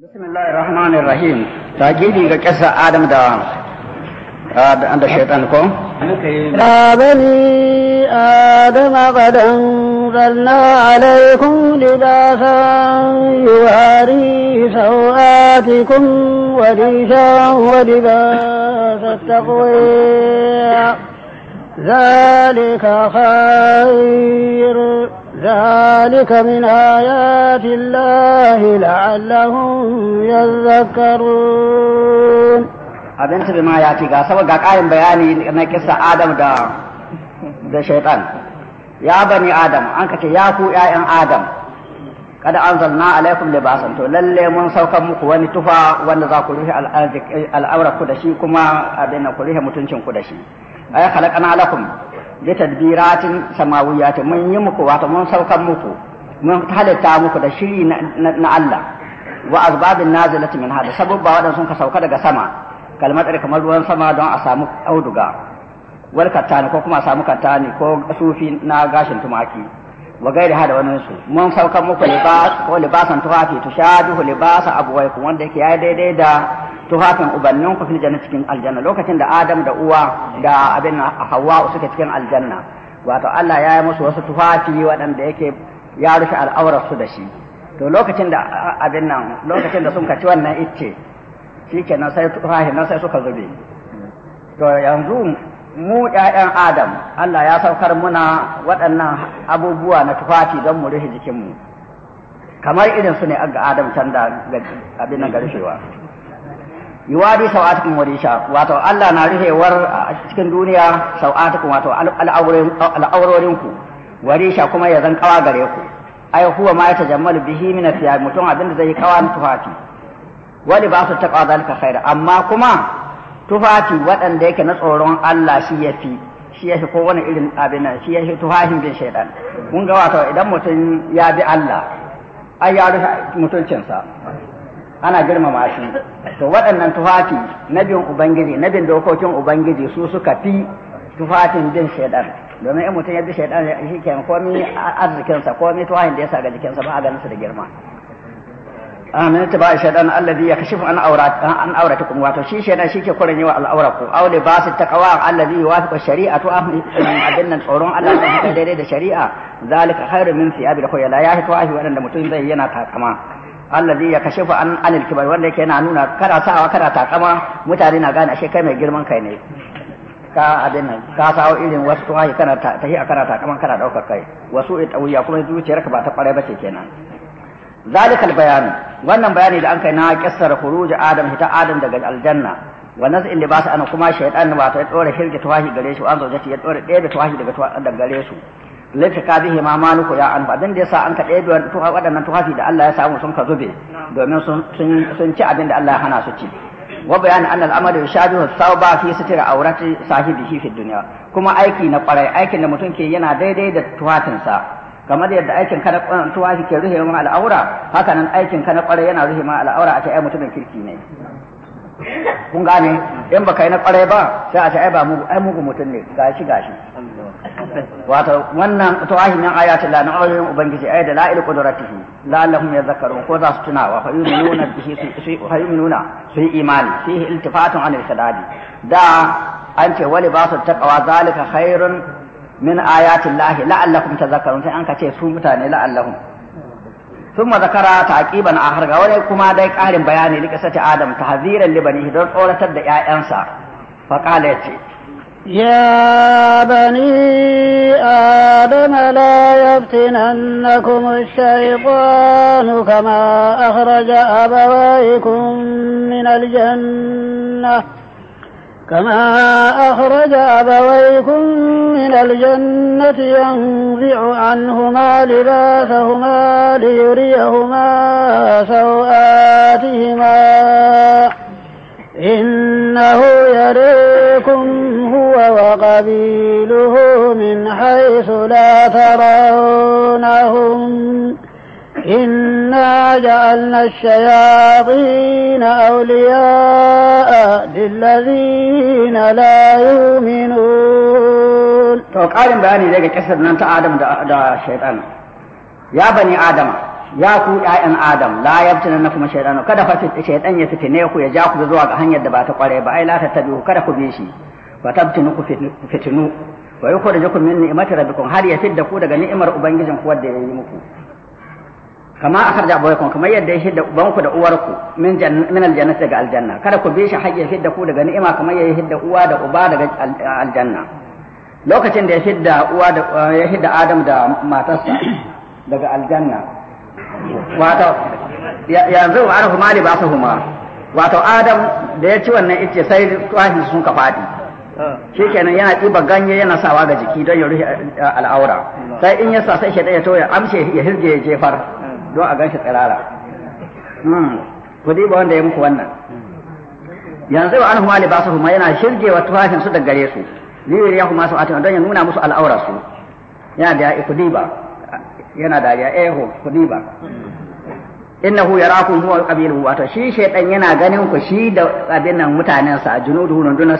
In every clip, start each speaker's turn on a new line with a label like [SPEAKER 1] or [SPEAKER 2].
[SPEAKER 1] بسم الله الرحمن الرحيم تاجيدي كسا ادم دا عند الشيطان كوم يا بني ادم قد
[SPEAKER 2] انزلنا عليكم لباسا يواري سواتكم وريشا ولباس التقوى ذلك خير ذلك من آيات الله لعلهم
[SPEAKER 1] يذكرون abin tabi ma ya ce saboda ƙarin bayani na kisa Adam da da shaitan ya bani Adam an kace ya ƴaƴan Adam kada an anzalna alaikum libasan to lallai mun saukar muku wani tufa wanda za ku rufe al'aura da shi kuma abin ku rufe mutuncin ku da shi ay khalaqana lakum bi tadbiratin samawiyatin mun yi muku wato mun muku mun halitta muku da shiri na Allah wa azbabin nazilati min hada sababba wadan sun ka sauka daga sama kalmar kamar ruwan sama don a samu auduga wal kattani ko kuma a samu kattani ko sufi na gashin tumaki wa gairi hada wani mun saukar muku libas ko libasan tufafi tushaduhu libasa abuwaikum wanda yake yayi daidai da tufafin ubannin ku fil janna cikin aljanna lokacin da adam da uwa da abin hawa suke cikin aljanna wato Allah ya yi musu wasu tufafi waɗanda yake ya rufe al'aurar su da shi to lokacin da abin nan lokacin da sun kaci wannan icce shikenan sai nan sai suka zube to yanzu mu ‘ya'yan Adam, Allah ya saukar muna waɗannan abubuwa na tufafi don mu rufe jikinmu, kamar irin su ne ga Adam can da abin nan ga rufewa. sau'atukun warisha wato Allah na rufewar a cikin duniya sau'atukun wato al'aurorinku, warisha kuma ya zan kawa gare ku, ai huwa ma ya tajammalu bihi min mutum abin da zai yi kawa tufafi. Wani ba su taɓa zalika khair, amma kuma tufafi waɗanda yake na tsoron Allah shi ya fi shi ya fi kowane irin abin nan shi ya fi tufafin bin shaidan mun ga wato idan mutum ya bi Allah ai ya rufe mutuncinsa ana girmama shi to waɗannan tufafi na bin ubangiji na bin dokokin ubangiji su suka fi tufafin bin shaidan domin in mutum ya bi shaidan shi ke komi arzikinsa komi tufafin da ya sa ga jikinsa ba a ganin su da girma amin ta ba shaidan alladhi yakshifu an aurat an auratukum wato shi shaidan shike kuran yawa al'aura ku aure aw libasit taqwa alladhi yuwafiqu shari'atu abin nan tsoron Allah da haka daidai da shari'a zalika khairun min thiyabil khuyala ya hito ahi waɗanda mutum zai yana takama alladhi yakshifu an anil kibar wanda yake yana nuna kada sawa kada takama mutane na gane ashe kai mai girman kai ne ka abin nan ka sawo irin wasu tuwahi kana tahi a kana takaman kana daukar kai wasu itawiya kuma zuciyarka ba ta kware ba ce kenan ذلك البيان wannan bayani da an kai na kissar khuruj adam hita adam daga aljanna wa naz'in libas an kuma shaytan ba ta dore shirki tawahi gare shi an zauje ya dore ɗaya da tawahi daga daga gare su lafi ka bihi ma maluku ya an abin da yasa an ka ɗaya waɗannan tawahi da Allah ya samu sun ka zube domin sun ci abin da Allah ya hana su ci wa bayani anna al ba yushabihu thawba fi sitri awrati sahibihi fi dunya kuma aiki na kwarai aikin da mutum ke yana daidai da sa kamar yadda aikin ka na tuwafi ke ruhe ma al'aura haka nan aikin ka na kwarai yana ruhe ma al'aura a ce ai mutumin kirki ne
[SPEAKER 3] kun gane in baka yi na
[SPEAKER 1] kwarai ba sai a ce ai ba mugu ai mugu mutum ne gashi gashi wato wannan tuwahi min ayatin la na ayoyin ubangiji ai da la'il qudratihi la'allahum yadhakkarun ko za su tunawa fa yu'minuna bihi fa yu'minuna su yi imani fihi iltifatun anil sadadi da an ce wali ba su taqwa zalika khairun min ayatin lahi la'allakum tazakkarun sai an ka ce su mutane la'allahum thumma zakara taqiban akhar ga wani kuma dai ƙarin bayani li kasati adam tahziran li banihi don tsoratar da ƴaƴansa fa qala yace
[SPEAKER 2] يا بني آدم لا يفتننكم الشيطان كما أخرج أبويكم من الجنة كما أخرج أبويكم من الجنة ينزع عنهما لباسهما ليريهما سوآتهما إنه يريكم هو وقبيله من حيث لا ترونهم إنا جعلنا
[SPEAKER 1] الشياطين أولياء للذين لا يؤمنون to ƙarin bayani daga ƙasar nan ta Adam da shaitan ya bani Adam ya ku ƴaƴan Adam la yabtana na kuma shaitan kada fa shaitan ya fitine ku ya ja ku zuwa ga hanyar da ba ta kware ba ai la tattabi'u kada ku bi shi wa ku fitinu wa yukhrijukum min ni'mati rabbikum har ya da ku daga ni'imar ubangijin ku wanda ya yi muku kama akharja abaykum kama yadda ya hidda banku da ku min min aljannati daga aljanna kada ku bi shi haƙƙi hidda ku daga ni'ima kamar ya hidda uwa da uba daga aljanna lokacin da ya hidda uwa da ya hidda Adam da matarsa daga aljanna wato
[SPEAKER 3] yanzu arhu
[SPEAKER 1] mali ba huma wato Adam da ya ci wannan ice sai tuwahin sun ka fadi shikenan yana ɗiba ganye yana sawa ga jiki don ya rufe al'aura sai in ya sa sai shaidan ya to ya amshe ya hirge ya jefar don a ganshi tsirara hmm. Kudi ba wanda ya muku wannan
[SPEAKER 3] yanzu wa anhu mali basu huma yana
[SPEAKER 1] shirgewa tufafin su daga gare su liyar yahu masu atin don ya nuna musu al'aura su yana da kudi ba. yana da ya ba. Inna hu innahu yarakum huwa ƙabil'u wato shi shaiɗan yana ganin ku shi da abin nan a sa junudu hundunan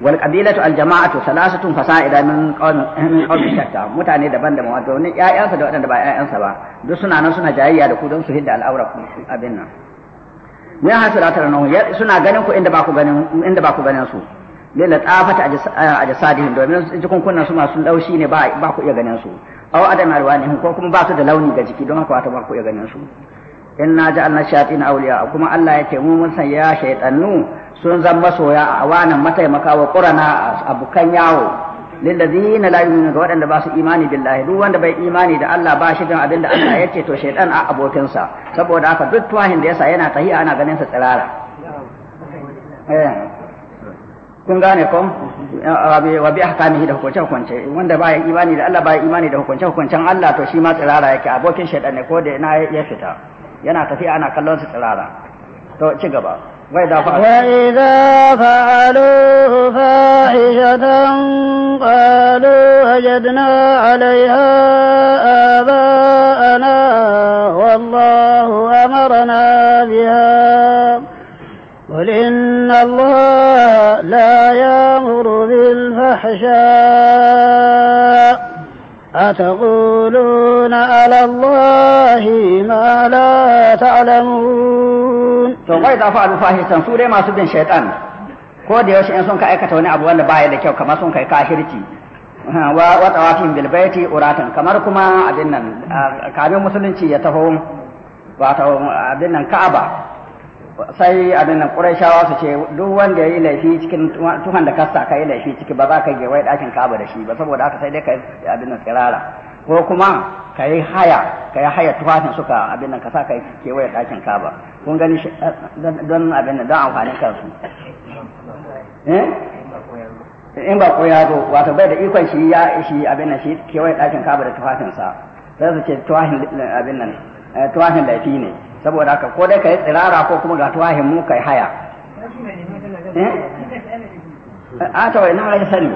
[SPEAKER 1] والقبيلة الجماعة ثلاثة فصائد من قوم من قوم شتى متاني دبان دبان wato ne ƴaƴansa da waɗanda ba ƴaƴansa ba duk suna nan suna jayayya da ku su hidda al'aura ku abin nan ne hasira tara suna ganin ku inda ba ku ganin inda ba ku ganin su ne domin jikun kunnan su masu laushi ne ba ba ku iya ganin su aw adam alwanihim ko kuma ba su da launi ga jiki don haka wato ba ku iya ganin su inna ja'alna shayatin awliya kuma Allah ya ce mu mun san ya shaytanu sun zan masoya a awanan mataimaka wa a abokan yawo lillazina la yu'minu ga waɗanda ba su imani billahi duk wanda bai imani da Allah ba shi gan abin da Allah ya ce to shaidan a abokin sa saboda haka duk tuwahin da yasa yana tahiya ana ganin sa tsirara eh kun gane kom wa bi ahkamihi da hukunce hukunce wanda ba ya imani da Allah ba ya imani da hukunce hukuncen Allah to shi ma tsirara yake abokin shaytan ne ko da ina ya fita yana tafiya ana kallon sa tsirara to ci gaba وإذا فعلوا وإذا
[SPEAKER 2] فاحشة قالوا وجدنا عليها آباءنا والله أمرنا بها قل إن الله لا يأمر بالفحشاء أتقولون
[SPEAKER 1] على الله ما لا تعلمون to wai za fa'alu fahishan su dai masu bin shaytan ko da yaushe in sun ka aikata wani abu wanda baya da kyau kamar sun kai kafirci wa wa tawafin bil baiti uratan kamar kuma abin nan kamin musulunci ya taho wato abin nan Ka'aba sai abin nan Qurayshawa su ce duk wanda yayi laifi cikin tuhan da kasta kai laifi ciki ba za ka ga wai dakin Ka'aba da shi ba saboda haka sai dai kai abin nan tsirara ko kuma ka yi haya ka yi haya tufafin suka abin nan ka sa ka kewaye ɗakin kaba kun gani eh, don abin nan don amfanin kansu
[SPEAKER 3] eh?
[SPEAKER 1] in ba koya ya zo wato bai da ikon shi ya shi abin nan shi kewaye ɗakin kaba da tufafinsa sai su ce tufafin abin nan eh, tufafin laifi ne saboda haka ko dai ka yi tsirara ko kuma ga tufafin mu ka yi haya a ah, to ina sani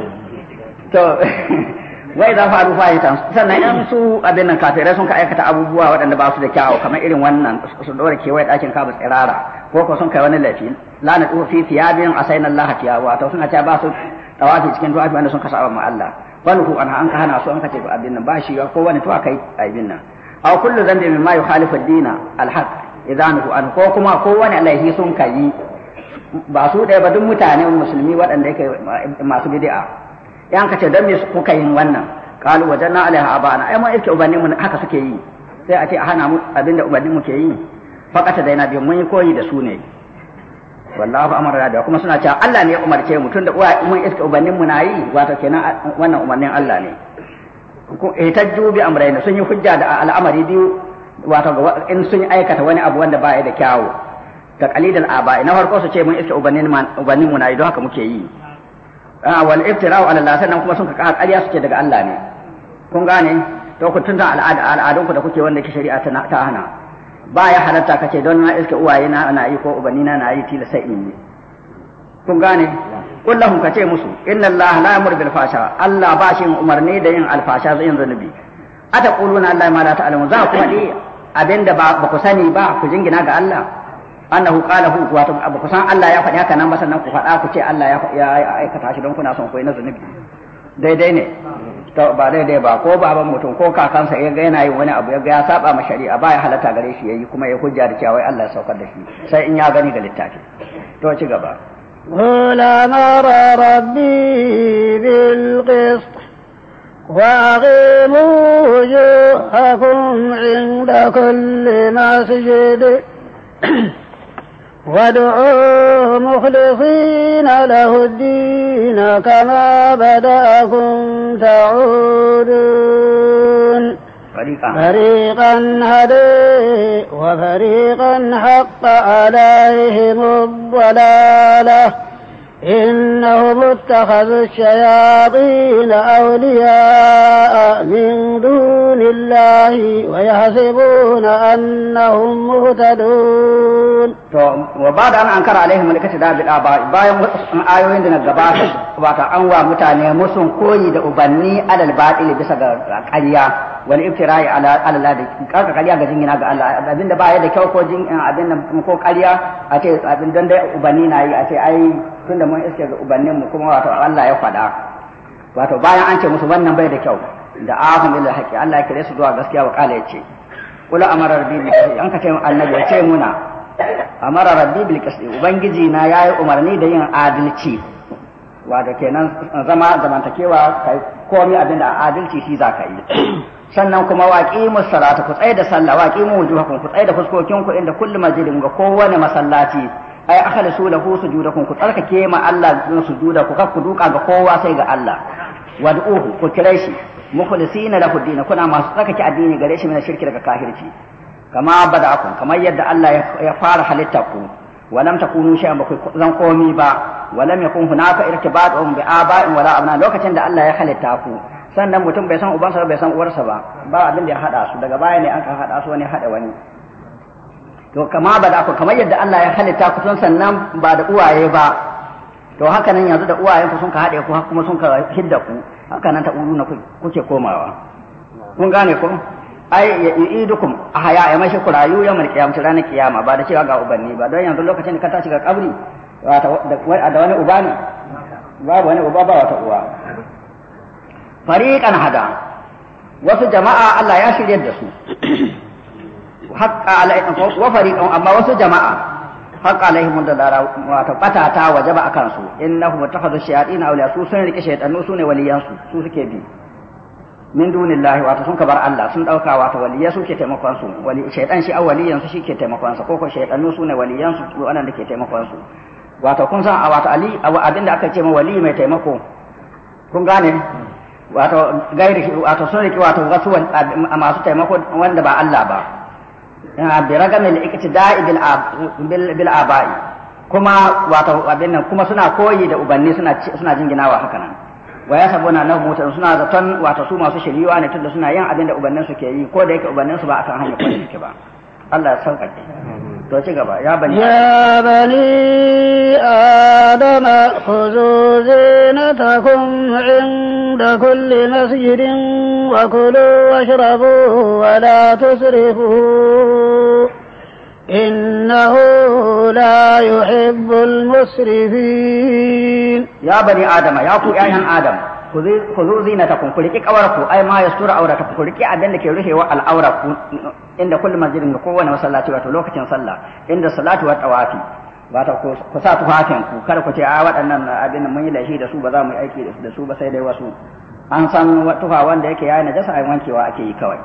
[SPEAKER 1] to wai za faru fahitan sannan in su abin nan kafirai sun ka aikata abubuwa waɗanda ba su da kyawu kamar irin wannan su dora kewaye ɗakin kaba tsirara ko ko sun kai wani laifi lana tu fi thiyabin asain Allah thiyabu to sun ce ba su tawafi cikin du'a wanda sun saba ma Allah wani ku an ka hana su an ka ce ba abin nan ba shi ko wani tuwa kai abin nan aw kullu dhanbi ma yukhalifu ad-dina al-haq ku an ko kuma ko wani laifi sun kai ba su da ba duk mutanen musulmi waɗanda yake masu bid'a yan ka ce don me kuka yin wannan wajen wajanna alaiha abana ai mun iske ubanni mun haka suke yi sai a ce a hana mu abinda ubanni ke yi da na biyu mun yi koyi da su ne wallahu amara da kuma suna cewa Allah ne ya umarce mu tunda uwa mun iske ubannin mu na yi wato kenan wannan umarnin Allah ne ihtajju bi amrayn sun yi hujja da al'amari biyu wato in sun aikata wani abu wanda ba ya da kyawu ta qalidal aba na farko su ce mun iske ubannin mu na yi don haka muke yi Ah, wal iftira'u ala Allah sannan kuma sun ka ka ƙarya suke daga Allah ne kun gane to ku tunda al'adun ku da kuke wanda ke shari'a ta hana ba ya halatta kace don na iske uwaye na ana yi ko ubanni na na yi sai in yi kun gane kullahum kace musu inna Allah la yamur bil fasha Allah ba shi umarni da yin alfasha yin zanubi ata Allah ma la ta'lamu za ku faɗi abinda ba ku sani ba ku jingina ga Allah annahu qala hu wato abu kusan Allah ya faɗi haka nan ba nan ku faɗa ku ce Allah ya aikata shi don kuna son koyi na zunubi daidai ne ba daidai ba ko baban mutum ko kakansa ya ga yana yin wani abu ya ga ya saba ma shari'a ba ya halatta gare shi yayi kuma ya hujja da cewa wai Allah ya saukar da shi sai in ya gani da littafi to ci gaba قل أمر ربي بالقسط وأقيموا
[SPEAKER 2] وجوهكم عند كل مسجد وادعوه مخلصين له الدين كما بدأكم تعودون فريقا, فريقا هدي وفريقا حق عليهم الضلاله إنهم اتخذوا الشياطين أولياء من دون الله ويحسبون أنهم مهتدون
[SPEAKER 1] وبعد أن أنكر عليهم ملكة داب الآباء بايا آيوين دون الغباس واتا أنوى متاني مسون كوي دا أبني على الباطل بسا قرية والابتراء على على الله دي karka kariya ga jingina ga Allah abinda ba ya da kyau ko jin abin ko kariya a ce abin dan dai ubani na yi ai tunda mun iske ga ubannin mu kuma wato Allah ya faɗa wato bayan an ce musu wannan bai da kyau da ahum ila haqi Allah ya kire su zuwa gaskiya wa kala yace kula amara rabbi bi an ka ce annabi ya ce muna amara rabbi bil qisti ubangiji na yayi umarni da yin adalci wato kenan zama zamantakewa kai komai abinda adalci shi za yi sannan kuma waƙi musalata ku tsaye da sallah waƙi mu wujuhakum ku tsaye da fuskokin ku inda kullu majlisin ga kowane masallaci ai da lahu sujudakum ku tsarkake ma Allah sujuda ku ku duka ga kowa sai ga Allah wad'uhu ku kira shi mukhlisina lahu din kuna masu tsarkake addini gare shi min shirki daga kafirci kama bada'akum kamar yadda Allah ya fara halitta ku ولم تكونوا شيئا ba قومي با ولم يكن هناك ارتباط بآباء ولا أبناء lokacin da Allah ya halitta ku sannan mutum bai san ubansa bai san uwarsa ba ba abin da ya hada su daga baya ne an ka hada su wani hada wani to kama ba da ku kamar yadda Allah ya halitta ku tun sannan ba da uwaye ba to haka nan yanzu da uwayen ku sun ka haɗe ku kuma sun ka hidda ku haka nan ta uru uruna kuke komawa kun gane ko ai ya a haya ya mashi ku rayu ya yawan kiyamta ranar kiyama ba da cewa ga ubanni ba don yanzu lokacin da ka tashi ga kabri da wani uba ne babu wani uba ba wata uwa fariqan hada wasu jama'a Allah ya shirye da su haqqa alaihim wa fariqan amma wasu jama'a haqqa alaihim dalala wato batata wajaba akan su innahu mutakhadhu shayatin awliya su sun rike shaytanu su ne waliyan su su suke bi min dunillahi wato sun kabar Allah sun dauka wato waliyan su ke taimakon su wali shaytan shi awliyan su ke taimakon su koko shaytanu su ne waliyan su wannan da ke taimakon su wato kun san a wato ali abinda aka ce ma wali mai taimako kun gane wato gairi wato sun rike wato wasu masu taimako wanda ba Allah ba birraga mil iktida'i bil ab bil abai kuma wato abin nan kuma suna koyi da ubanni suna jinginawa haka nan wa sabona na mota suna da tan wato su masu shiriyuwa ne tunda suna yin abin da ubannansu ke yi ko da yake ubannansu ba a kan hanya ko ne ba to ci gaba ya bani
[SPEAKER 2] ya bani adama khuzu zinatakum da kulle masjidin wa kulu washrabu wa la tusrifu إنه
[SPEAKER 1] لا يحب المسرفين يا بني آدم يا أخو آدم ku zo zina ta kun kuriki kawar ku ai ma ya sura aura ta ku abinda abin da ke ruhewa al'aura ku inda kullum masjidin ga kowane masallaci wato lokacin sallah inda salatu wa tawafi wato ku sa tufafin ku kada ku ce a ah, waɗannan abin mun yi lashi da su ba za mu yi aiki da su ba sai dai wasu an san tufa wanda yake yayi najasa ai wankewa ake yi kawai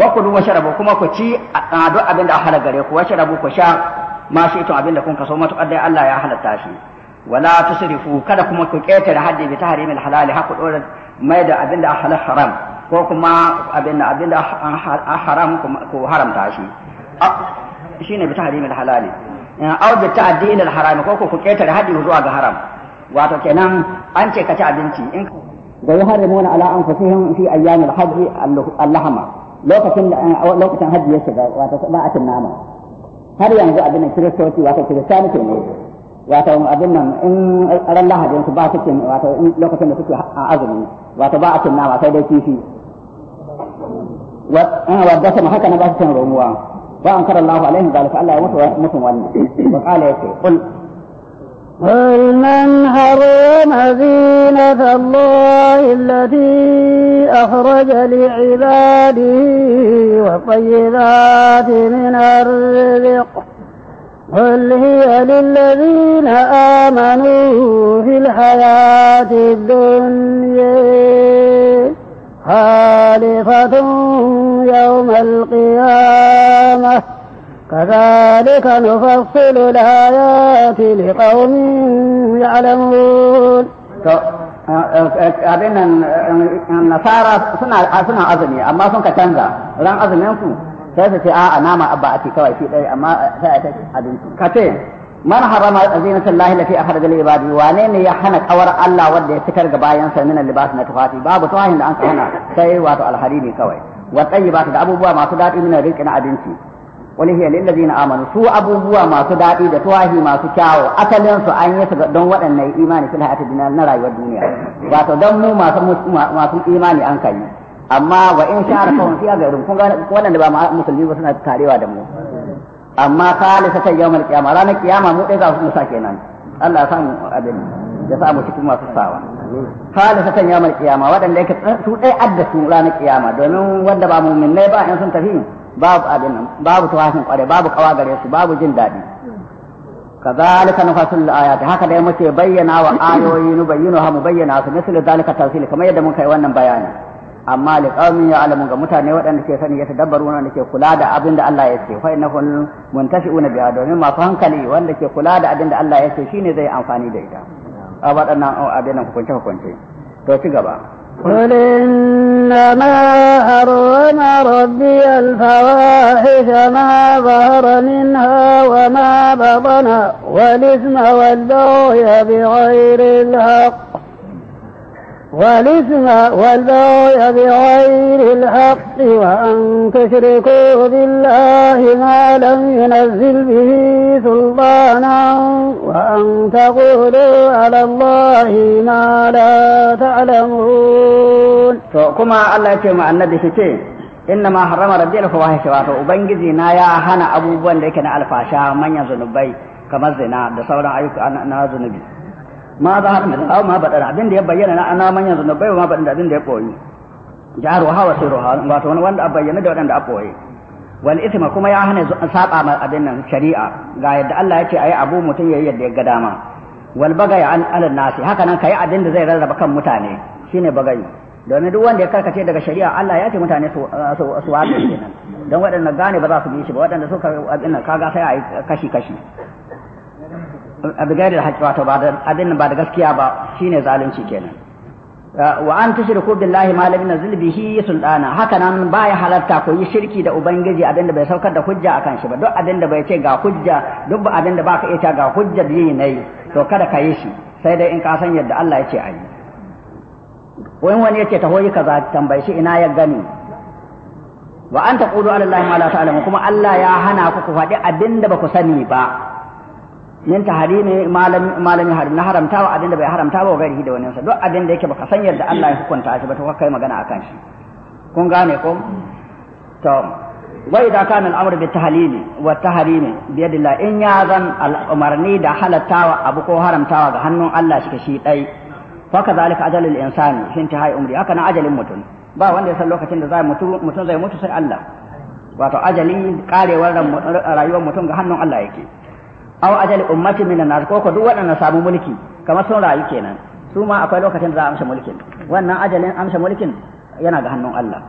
[SPEAKER 1] wa ku wa sharabu kuma ku ci a duk abin da halal gare ku wa sharabu ku sha ma shi ito abin da kun kaso matuƙar dai Allah ya halatta shi wala tusrifu kada kuma ku ketare haddi bi tahrim al halal haku dora mai da abinda halal haram ko kuma abinda abinda haram ku haramta shi shine bi tahrim al halal aw bi ta'addi ila haram ko ku ketare haddi zuwa ga haram wato kenan an ce abinci da na allahama lokacin hajji ya shiga wato ba a cin nama har yanzu abin kiristoci wato kiristani ne wato abin nan in ran lahadi su ba su cin wato lokacin da suke a azumi wato ba a cin nama sai dai kifi wadda sama haka na ba su cin romuwa wa an kara Allah alaihim zalika Allah ya mutu mutum wannan wa qala yace qul قل من حرم
[SPEAKER 2] زينة الله التي أخرج لعباده والطيبات من الرزق قل هي للذين آمنوا في الحياة الدنيا خالفة يوم القيامة كذلك نفصل
[SPEAKER 1] الآيات لقوم يعلمون abin nan nasara suna azumi amma sun ka canza ran azumin sai su ce a'a nama abba ake kawai shi ɗaya amma eh, sai a ta abinci ka ce man harama azina sallahi lati akhraj lil ibadi wane ne ya hana kawar Allah wanda ya fitar ga bayan sa min libas na tufafi babu tawahin da an hana sai wato alhariri kawai wa tayyiba da abubuwa masu dadi min na abinci wani hiya lil ladina amanu su abubuwa masu dadi da tawahi masu kyawo asalin su an yi su don waɗannan imani fil hayati dunya na rayuwar duniya wato don mu masu masu imani an kai amma wa in shara kawun fiya ga irin kun ga waɗanda ba musulmi ba suna tarewa da mu amma khalisa ta yawmal qiyama ranar qiyama mu dai za mu sa kenan Allah ya samu abin ya samu cikin masu sawa khalisa ta yawmal qiyama waɗanda yake su dai adda su ranar qiyama domin wanda ba ne ba in sun tafi babu abin nan babu tawafin kware babu kawa gare su babu jin daɗi كذلك نفصل الآيات bayyana يمشي بينا su misali مبينة tafsili kamar yadda mun kai wannan بيانا amma li qaumin ya'lamun ga mutane waɗanda ke sani ya tadabbaru wanda ke kula da abin da Allah ya ce fa innahum muntashi'una biha domin masu hankali wanda ke kula da abin da Allah ya ce shine zai amfani da ita a waɗannan abin hukunce hukunce to ci gaba قل إنما حرم
[SPEAKER 2] ربي الفواحش ما ظهر منها وما بطن والإثم والبغي بغير الحق والإثم والبغي بغير الحق وأن تشركوا بالله ما لم ينزل به سلطانا وأن تقولوا على الله ما
[SPEAKER 1] لا تعلمون كما الله يتيما النبي شتي إنما حرم ربي الفواحش واتو وبنجزي نايا هنا أبو بوان بندك الفاشا من يزنبي كما زنا دسولا أيوك أنا زنبي ma ba haka min aw ma badara abin da ya bayyana na ana manyan bai ma badan da abin da ya koyi wa hawa sirruha wato wanda a bayyana da wanda a koyi wal ithma kuma ya hana saba ma abin nan shari'a ga yadda Allah yake ayi abu mutum yayi yadda ya ga dama wal bagaya an alal nasi haka nan kai abin da zai rarraba kan mutane shine bagai domin duk wanda ya karkace daga shari'a Allah ya ce mutane su su wato kenan don waɗanda gane ba za su bi shi ba waɗanda suka abin nan kaga sai a yi kashi kashi bigari da haƙƙi wato abin ba da gaskiya ba shine zalunci kenan uh, wa an tushriku billahi ma lam yunzil bihi sultana haka nan baya halarta ko yi shirki da ubangiji abin da bai saukar da hujja akan shi ba duk abin da bai ce ga hujja duk abin da baka iya ga hujja yi nayi to kada ka yi shi sai dai in ka san yadda Allah yake ayi wani wani yace taho yi kaza tambaye shi ina ya gani wa an taqulu ala allahi ma la ta'lamu kuma Allah ya hana ku ku faɗi abin da ba ku sani ba min taharimi malami malami har na haramta wa bai haramta ba gari da wani duk abinda yake baka san yadda Allah ya hukunta shi ba to kai magana akan shi kun gane ko to wa idza kana al-amru bi tahlili wa tahrimi bi yadillah in ya zan al-umarni da halattawa abu ko haramtawa ga hannun Allah shi shi dai fa kadhalika ajalul insani shin tahai umri haka na ajalin mutum ba wanda ya san lokacin da zai mutu mutum zai mutu sai Allah wato ajali karewar rayuwar mutum ga hannun Allah yake aw ajal ummati minan nas ko ko duk waɗannan samu mulki kamar sun rayu kenan su ma akwai lokacin da za a amsa mulkin wannan ajalin amsa mulkin yana ga hannun Allah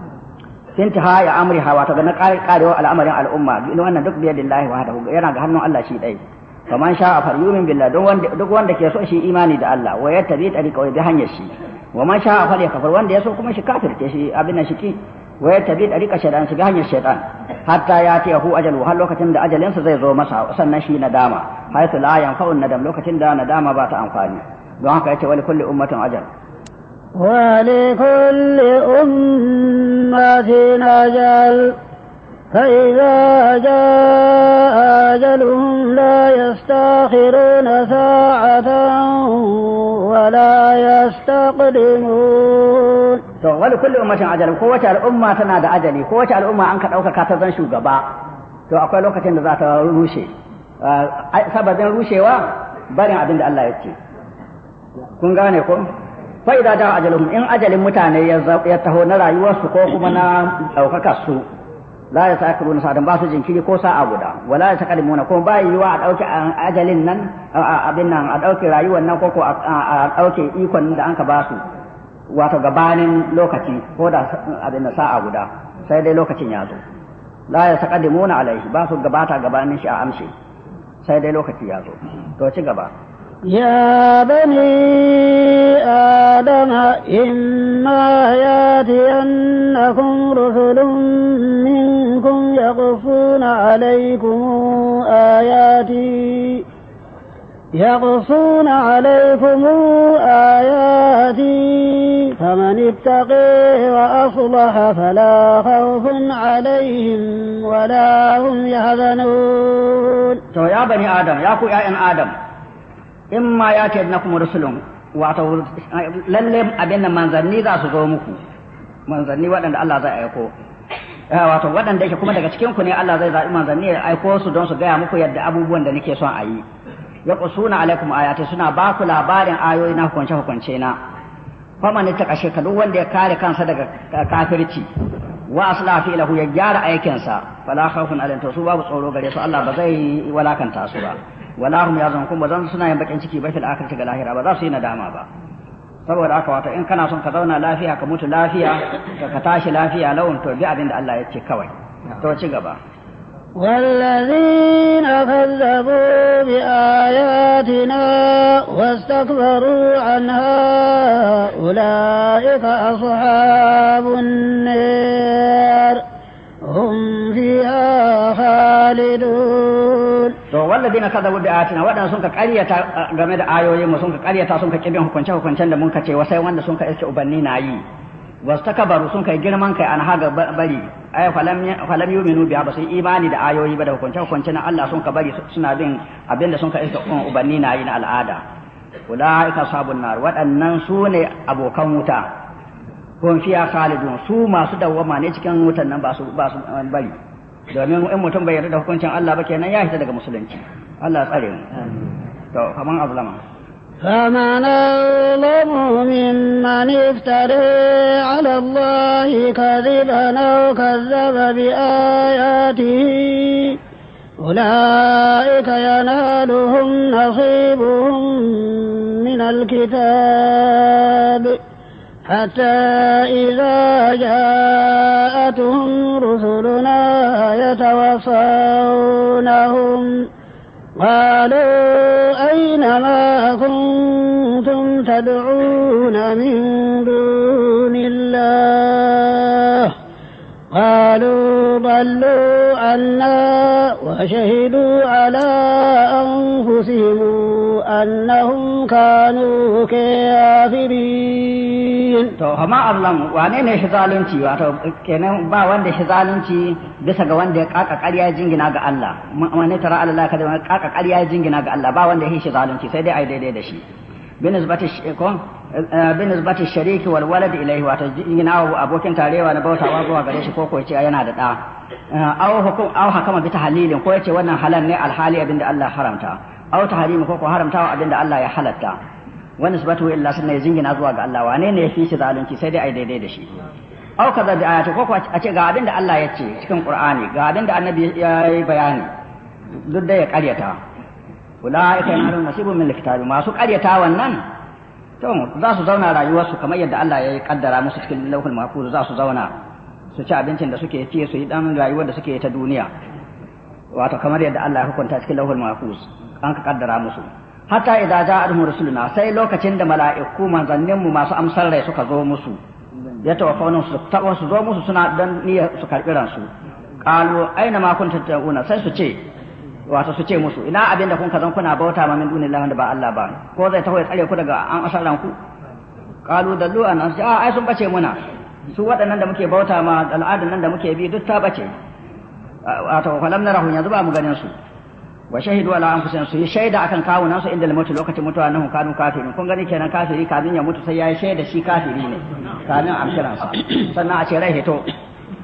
[SPEAKER 1] ha ya amri ha ta ga na karewa al'amarin al'umma duk wannan duk biyar lillahi wahdahu yana ga hannun Allah shi dai faman sha a falyumin billah don wanda duk wanda ke so shi imani da Allah wa yattabi tariqa wa bi hanyar shi wa man sha a falyakfur wanda ya so kuma shi kafirce shi abin nan shi ki ويتبي طريق الشيطان shiga hanyar shaytan hatta ya ce hu ajalu har lokacin da ajalinsa zai zo masa sannan shi nadama haythu la yanfa'u nadam lokacin da nadama ba ta amfani don haka yace wali kulli ummatin ajal ولكل
[SPEAKER 2] أمة أجل فإذا جاء أجلهم لا
[SPEAKER 1] يستأخرون ساعة ولا يستقدمون to wani kullu ummatin ajali ko wace al'umma tana da ajali ko wace al'umma an ka ɗaukaka ta zan shugaba to akwai lokacin da za ta rushe uh, sabadin rushewa barin abin da Allah ya ce kun gane ko fa idza da ajalum in ajalin mutane ya taho na rayuwarsu ko kuma na ɗaukaka su la ya sakiru sa'adan ba su jinkiri ko sa'a guda wala ya sakalimuna ko ba yiwa a ɗauke ajalin nan abin nan a ɗauke rayuwar nan ko ko a ɗauke ikon da an ka ba su wato gabanin lokaci ko da abin da sa'a guda sai dai lokacin ya zo la ya taqaddimuna alaihi ba su gabata gabanin shi a amshi, sai dai lokaci ya zo to ci gaba
[SPEAKER 2] Ya bani Adama, آدم إما ياتينكم rusulun minkum يقصون alaykum Ayati. يقصون عليكم آياتي فمن اتقي وأصلح فلا خوف عليهم ولا هم يحزنون تو يا بني آدم يا كو يا آدم
[SPEAKER 1] إما يأتي أدنكم رسل wato lalle abin من manzanni ذا su من muku manzanni الله ذا zai aiko eh, wato waɗanda yake kuma daga cikin ku ne Allah zai zaɓi manzanni ya aiko su don su gaya muku yadda abubuwan da nake son a yi suna alaikum ayati suna ba ku labarin ayoyi na hukunce hukunce na faman ta kashe ka duk wanda ya kare kansa daga kafirci wa asla fi lahu ya gyara aikinsa fala khawfun alaihim to su babu tsoro gare su Allah ba zai walakanta su ba wala hum yazun kuma zan suna yin bakin ciki ba fil akhirati ga lahira ba za su yi nadama ba saboda haka wato in kana son ka zauna lafiya ka mutu lafiya ka tashi lafiya lawan to bi abin da Allah ya ce kawai to ci gaba
[SPEAKER 2] والذين كذبوا بآياتنا واستكبروا عنها أولئك أصحاب النار
[SPEAKER 1] هم فيها خالدون to walladina kadabu bi ayatina wadan sun ka ƙaryata game da ayoyin mu sun ka ƙaryata sun ka kibin hukunce hukuncen da mun ka ce wasai wanda sun ka iske ubanni na yi wastakabaru sun kai girman kai an haga bari ay falam yu'minu bi ba sai imani da ayoyi ba da hukunce hukunce na Allah sun ka bari suna bin abinda sun ka isa, kun ubanni na yi na al'ada ulaika sabun nar waɗannan su ne abokan wuta kun fiya khalidun su masu dawwama ne cikin wutan nan ba su ba su eh, bari domin in mutum bai yarda da hukuncin Allah ba kenan ya hita daga musulunci Allah tsare mu to kaman azlama
[SPEAKER 2] فمن أظلم ممن افتري على الله كذبا أو كذب بآياته أولئك ينالهم نصيبهم من الكتاب حتى إذا جاءتهم رسلنا يتوفونهم قالوا أين ما كنتم تدعون من دون الله قالوا ضلوا عنا وشهدوا على أنفسهم أنهم كانوا كافرين
[SPEAKER 1] to hama azlam wane ne shi zalunci wato kenan ba wanda shi zalunci bisa ga wanda ya kaka ƙarya jingina ga Allah wani tara Allah kada wani kaka ƙarya jingina ga Allah ba wanda ya shi zalunci sai dai ai daidai da shi binisbati ko eh, eh, binisbati shariki wal walad ilayhi wato jingina wa abokin tarewa na bautawa zuwa gare shi ko ko ce yana da da eh, aw hukum aw hakama bi tahlilin ko yace wannan halal ne alhali abinda Allah haramta aw tahrimi ko ko haramtawa abinda Allah ya halatta wani subatu illa sunna ya jingina zuwa ga Allah wane ne yafi shi zalunci sai dai ai daidai da shi au kaza bi ayati ko a ce ga abin da Allah ya ce cikin Qur'ani ga abin da Annabi ya yi bayani duk da ya karyata ulaika yanarun nasibun min alkitabi masu karyata wannan to za su zauna rayuwarsu kamar yadda Allah ya yi kaddara musu cikin lauhul mahfuz za su zauna su ci abincin da suke ci su yi dan rayuwar da suke ta duniya wato kamar yadda Allah ya hukunta cikin lauhul mahfuz an ka kaddara musu hatta idza ja'ahum rusuluna sai lokacin da mala'iku manzannin mu masu amsar rai suka zo musu ya tawaffawna su tawo su zo musu suna dan niyya su karbi ransu qalu aina ma kuntum ta'una sai su ce wato su ce musu ina abinda kun kazan kuna bauta ma min dunillahi da ba Allah ba ko zai ya tsare ku daga an asar ranku qalu dallu an a ah, ai sun bace muna su waɗannan da muke bauta ma al'adun nan da muke bi duk ta bace wato falam narahu yanzu ba mu ganin su wa shahidu ala anfusihim su yi shaida akan kawunan su inda lamatu lokacin mutuwa nan kanu kafirin kun gani kenan kafiri kafin ya mutu sai ya yi shaida shi kafiri ne kafin a sa sannan a ce rai hito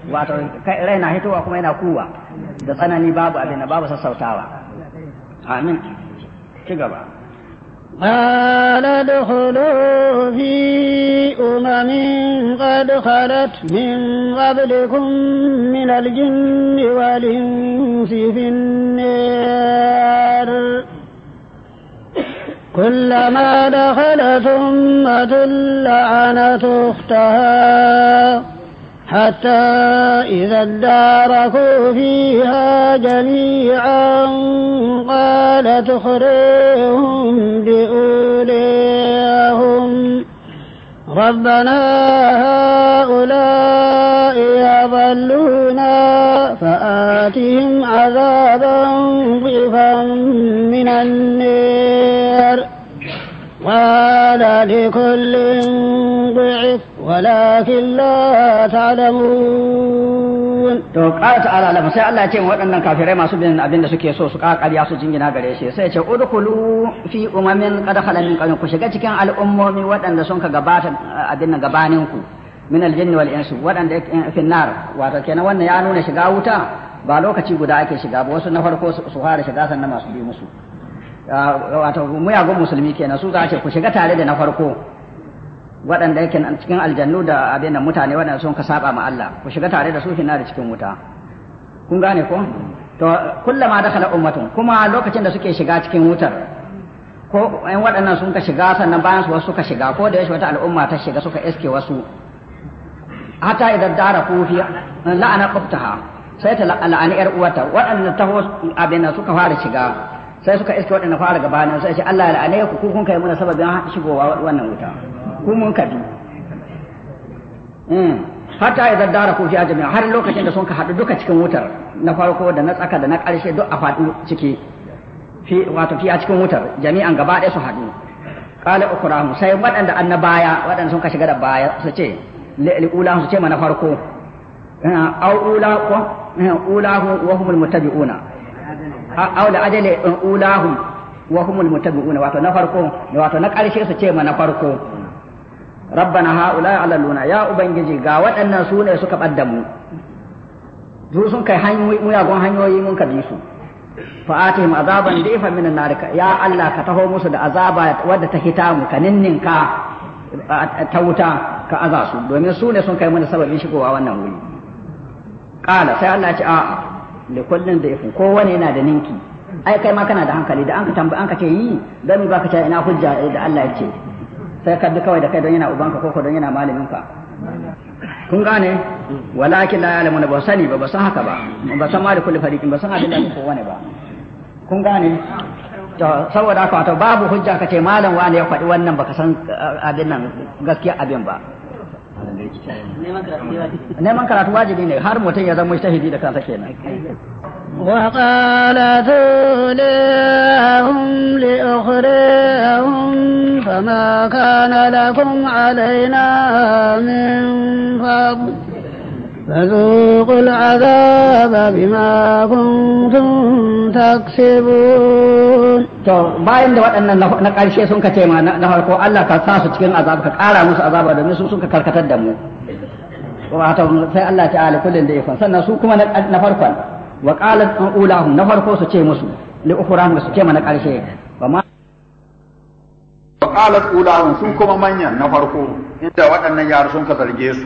[SPEAKER 1] wato rai na hitowa kuma yana kuwa da tsanani babu abin da babu sassautawa amin ci gaba
[SPEAKER 2] قال ادخلوا في أمم قد خلت من قبلكم من الجن والإنس في النار كلما دخلت أمة لعنت أختها حتى إذا اداركوا فيها جميعا قال تخريهم بأوليهم ربنا هؤلاء يضلونا فآتهم عذابا ضعفا من النار قال لكل
[SPEAKER 1] ضعف ولكن لا تعلمون to qala ta'ala lafa sai Allah ya ce waɗannan kafirai masu bin abin da suke so su kakariya su jingina gare shi sai ya ce udkhulu fi umamin qad khala min qablikum ku shiga cikin al'ummomi waɗanda sun ka gabata abin nan gabanin ku min al-jinn wal ins waɗanda fi nar wato kenan wannan ya nuna shiga wuta ba lokaci guda ake shiga ba wasu na farko su fara shiga sannan masu bi musu Ah, wato muyagun musulmi kenan su za ce ku shiga tare da na farko waɗanda yake cikin aljannu da abin mutane waɗanda sun ka saba ma Allah ku shiga tare da su na da cikin wuta kun gane ko to kullama dakhala ummatun kuma lokacin da suke shiga cikin wutar ko in waɗannan sun ka shiga sannan bayan su wasu suka shiga ko da yashi wata al'umma ta shiga suka iske wasu Hata idan dara ku fi la'ana qubtaha sai ta la'ana yar uwata waɗannan taho abin da suka fara shiga sai suka iske waɗanda fara gabanin sai ce Allah la'ane ku ku kun kai muna sababin shigowa wannan wuta ku mun kadu hmm. hatta idan dara ku fi ajami har lokacin da sun ka haɗu duka cikin wutar na farko da na tsaka da na ƙarshe duk a faɗi ciki fi wato fi a cikin wutar jami'an gaba ɗaya su haɗu qala ukrahu sai waɗanda annabaya waɗanda sun ka shiga da baya su ce li'ula su ce mana farko hmm. au ula ko hmm, ula wa humul mutabi'una aw la ajali ulahum wa humul mutabi'una wato na farko wato na karshe su ce ma na farko rabbana haula ala luna ya ubangiji ga waɗannan su ne suka ɓadda mu su sun kai hanyoyi muyagun hanyoyi mun ka bi su fa'atihim azaban difa min an ya Allah ka taho musu da azaba wadda ta hita ka ninninka ta wuta ka aza su domin su ne sun kai mana sababin shigowa wannan wuri qala sai Allah ce a'a Da da ifin ko wane yana da ninki ai kai ma kana da hankali da an ka tambaye an ka ce yi dan mi baka ce ina hujja da Allah ya ce sai ka bi kawai da kai don yana ubanka ko ko don yana malamin ka kun gane walakin la ya'lamu ba sani ba ba san haka ba ba san ma da kulli fariqin ba san abin da wane ba kun gane to saboda haka wato babu hujja ka ce malam wani ya faɗi wannan baka san eh, abin nan gaskiya abin ba neman karatu wajibi ne har mutum ya zama mujtahidi da kansa kenan وقال ثولاهم
[SPEAKER 2] لأخريهم فما كان لكم علينا من فضل فذوقوا
[SPEAKER 1] العذاب بما كنتم تكسبون to bayan da waɗannan na ƙarshe sun ka ma na farko Allah ka sa su cikin azab ka ƙara musu azaba da su sun ka karkatar da mu wato sai Allah ta'ala kullun da ya fa sannan su kuma na farkon wa qalat an ulahum na farko su ce musu li ukhrahum su ce ma na ƙarshe wa ma
[SPEAKER 4] wa qalat ulahum su kuma manyan na farko inda waɗannan yaro sun ka zarge su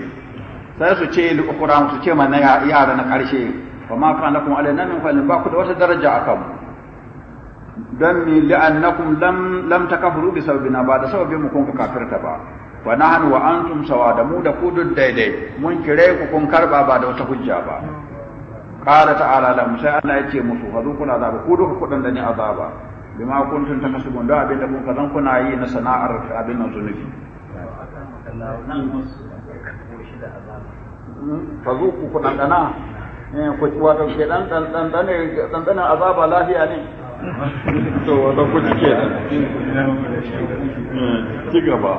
[SPEAKER 4] sai su ce li ukura su ce ma na yara na karshe fa ma kana lakum alaina min fa'lin ba ku da wata daraja akan mu dan mi li'annakum lam lam takafuru bi sababina ba da sababin mu kun kafirta ba wa nahnu wa antum sawa da mu da ku duk daidai mun kire ku kun karba ba da wata hujja ba qala ta'ala la musa Allah ya ce musu hazu kuna azaba ku duka kudin da ni azaba bima kuntum takasubun da abinda kun kazan kuna yi na sana'ar abin na zunubi fa zuku ku dandana ku wato ke dan azaba lafiya ne to wato ku ci ke ci gaba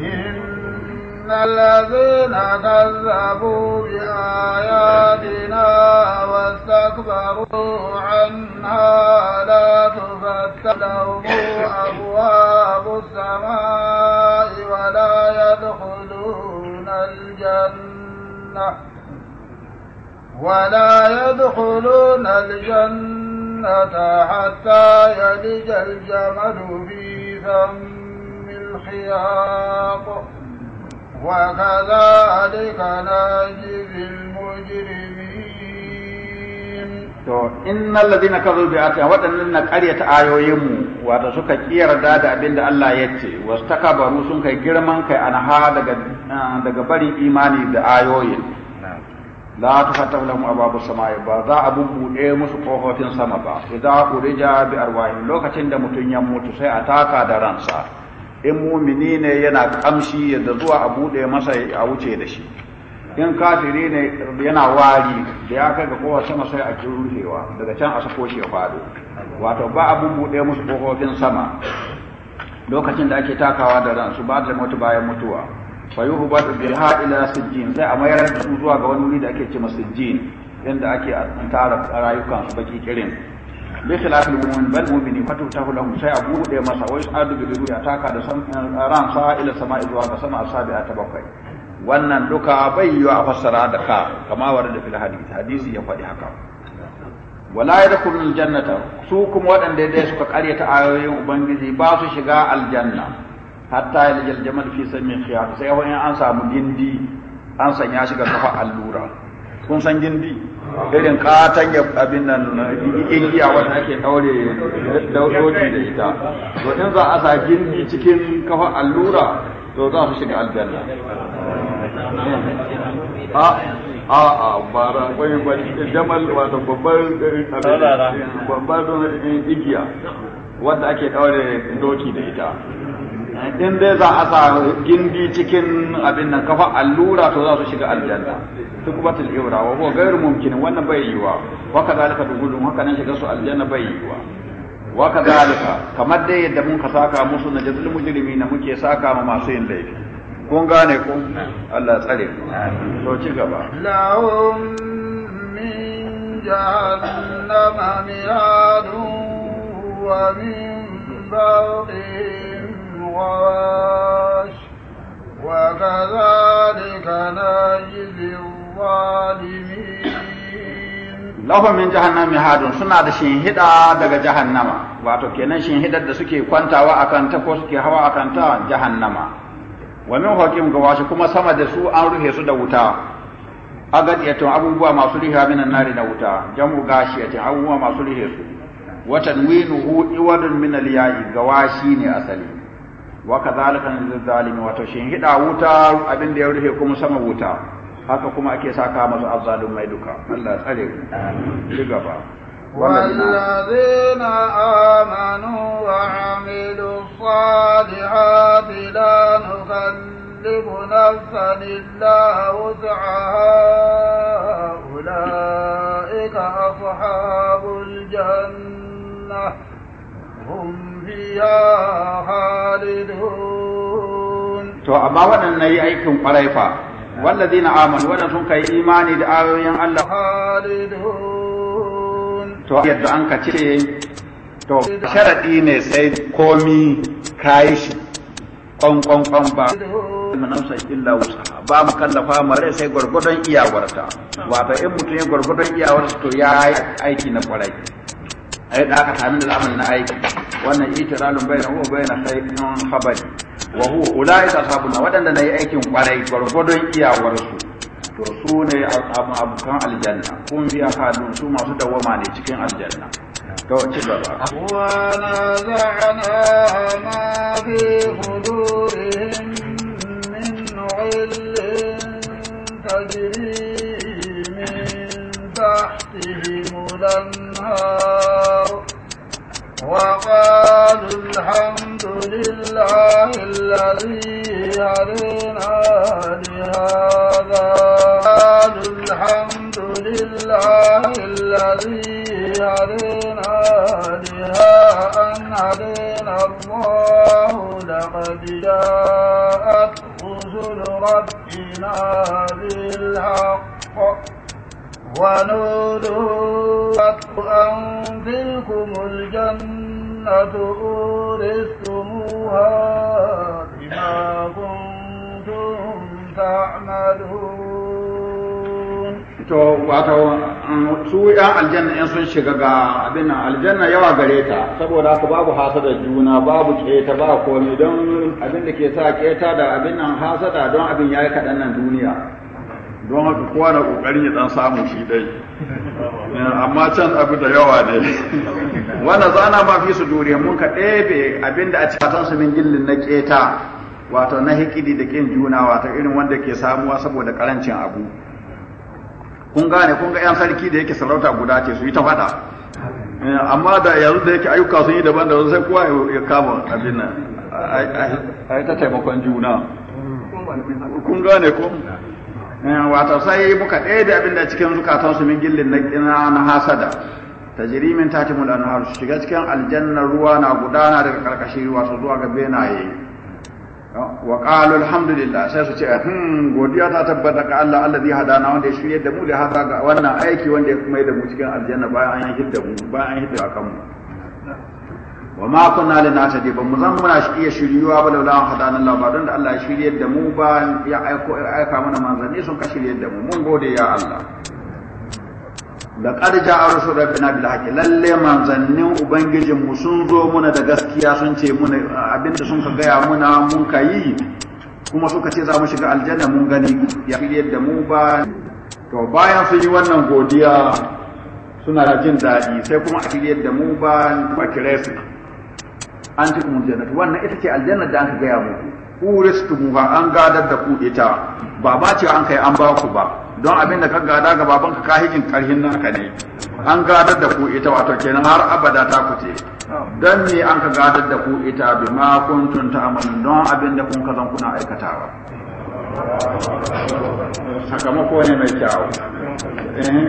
[SPEAKER 3] إن
[SPEAKER 5] الذين كذبوا بآياتنا واستكبروا عنها لا تفتح لهم أبواب السماء ولا يدخلون الجنة ولا يدخلون الجنة حتى يلج الجمل في فم الخياط وكذلك نجزي المجرمين
[SPEAKER 4] to innal ladina kadzabu bi ayatina wadannan na ta ayoyinmu wato suka kiyarda da abin da Allah ya ce wasu wastakabaru sun kai girman kai an daga daga barin imani da ayoyin la tufatahu a babu samaye ba za a bubbuɗe musu kofofin sama ba idan rija bi arwahin lokacin da mutum ya mutu sai a taka da ransa in mumini ne yana kamshi yadda zuwa a buɗe masa a wuce da shi in kafiri ne yana wari da ya kai ga kowa sama sai a cikin rufewa daga can a sako shi ya faɗo wato ba a buɗe musu kofofin sama lokacin da ake takawa da ran su ba da mutu bayan mutuwa fa yuhu ba da bilha ila sijjin sai a mayar da su zuwa ga wani wuri da ake cewa sijjin inda ake tara rayukan su baki kirin bi khilafil mu'min bal mu'mini fatu tahu lahum sai a buɗe masa wai sa'adu bi ruya taka da ran sa ila sama'i zuwa ga sama asabi ta bakwai wannan duka bai yi wa fassara da ka kama wani da fil hadisi ya faɗi haka wala yadkhulul jannata su kuma waɗanda dai suka ta ayoyin ubangiji ba su shiga aljanna hatta yaljal jamal fi sami khiyar sai wani an samu gindi an sanya shi ga kafa allura kun san gindi irin katan ya abin nan igiya wanda ake daure daudodi da ita to in za a sa gindi cikin kafa allura to za su shiga aljanna a'a ba raƙwai ba jamal wato babbar eh, babbar eh, igiya wadda ake ɗaure doki da ita in dai za a sa gindi cikin abin nan kafa allura to za su shiga aljanna duk batul ibra wa huwa ghairu mumkin wannan bai yiwa wa kadalika dukhulun haka nan shiga su aljanna bai yiwa wa kadalika kamar dai yadda mun ka saka musu na najzul na muke saka ma masu yin laifi kun gane ku Allah tsare ku to ci gaba
[SPEAKER 5] lahum min jahannama mihadu wa min bawdihim wash wa kadhalika najzi zalimin
[SPEAKER 4] lahum min jahannama mihadu suna da hida daga jahannama wato kenan hidar da suke kwantawa akan ta ko suke hawa akan ta jahannama wa min hakim ga wasu kuma sama da su an rufe su da wuta to abubuwa masu riha minan nari da wuta jamu gashi ya ce abubuwa masu rihe su wa hu iwadun min al ga washi ne asali wa kadhalika lil-zalimi wato shin hida wuta abin da ya rufe kuma sama wuta haka kuma ake saka masu mai duka Allah tsare ku ci gaba
[SPEAKER 5] والذين آمنوا وعملوا الصالحات لا نكلف نفسا إلا وسعها أولئك أصحاب الجنة هم فيها خالدون
[SPEAKER 4] تو أما ودن أيكم قريفا والذين آمنوا ودن سنك إيماني دعاوين الله
[SPEAKER 5] خالدون to
[SPEAKER 4] yadda an ka ce to sharaɗi ne sai komi kayi shi kwankwankwan ba manamsa illa wusa ba mu kallafa rai sai gwargwadon iyawarta wato in mutum ya gwargwadon iyawarta to ya yi aiki na kwarai ai da aka sami al'amal na aiki wannan itiralun bai na bai na nan habari wa huwa ulai ta sabuna waɗanda na yi aikin kwarai gwargwadon iyawarsu to su ne abokan aljanna kun biya hadun su masu dawama ne cikin aljanna kawai ci gaba
[SPEAKER 5] wa na za'ana ma fi min ilmin tajri min tahtihim lanhar وقالوا الحمد لله الذي علينا لهذا قالوا الحمد لله الذي علينا لها أن علينا الله لقد جاءت رسل ربنا بالحق ونودوا أن تلكم الجنة أورثتموها بما كنتم تعملون
[SPEAKER 4] to wato mm, su yan aljanna in sun shiga ga abin aljanna yawa gare ta saboda haka babu hasada juna babu keta ba komai don abin da ke sa ƙeta da abin nan hasada don abin yayi kaɗan nan duniya don haka kowa na kokarin ya dan samu shi dai amma can abu da yawa ne wanda zana ma fi su dore mun ka ɗebe abinda a cikin su min gillin na keta wato na hikidi da kin juna wato irin wanda ke samuwa saboda karancin abu kun gane kun ga yan sarki da yake sarauta guda ce su yi ta fada amma da yanzu da yake ayyuka sun yi daban da sai kowa ya kama abin nan a ta taimakon juna kun gane kun Eh, wato sai muka ɗaya abin da cikin zukatansu min gillin na na hasada tajri min tatimul anhar shiga cikin aljannar ruwa na gudana daga karkashin su zuwa ga benaye wa qalu alhamdulillah sai su ce hmm godiya ta tabbata ga Allah Allah hada hadana wanda ya shirye da mu da haka ga wannan aiki wanda ya mai da mu cikin aljanna bayan an hidda mu bayan an hidda kanmu wa ma kunna lin natadi ba mu zan muna iya shiryuwa ba laula an hadana Allah ba don da Allah ya shiryar da mu ba ya aiko aika mana manzanni sun ka shiryar da mu mun gode ya Allah laqad ja'a rusul rabbina bil haqqi lalle manzannin ubangijin mu sun zo muna da gaskiya sun ce muna abinda sun ka gaya muna mun kai kuma suka ce za mu shiga aljanna mun gani ya shiryar da mu ba to bayan sun yi wannan godiya suna jin daɗi sai kuma a shiryar da mu ba ba kire su an ci kuma jannatu wannan ita ce aljanna da an gaya muku ku ristumuha an gadar da ku ita ba ba ce an kai an ba ku ba don abin da ka gada ga baban babanka kahijin karhin naka ne an gadar da ku ita wato kenan har abada ta ku ce don me an ka gadar da ku ita bi ma ta ta'malun don abin da kun kazan kuna aikatawa
[SPEAKER 3] sakamako ne mai kyau
[SPEAKER 4] eh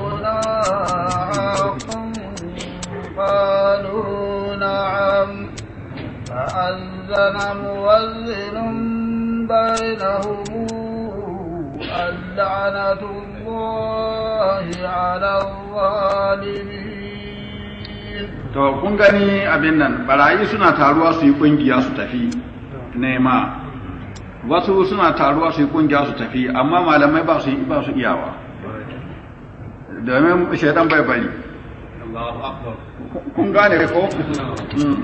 [SPEAKER 5] أذن مؤذن بينهم اللعنة الله على الظالمين
[SPEAKER 4] to kun gani abin nan barayi suna taruwa su yi kungiya su tafi nema wasu suna taruwa su yi kungiya su tafi amma malamai ba su yi ba su iyawa domin shaidan bai bari kun gane ko mm.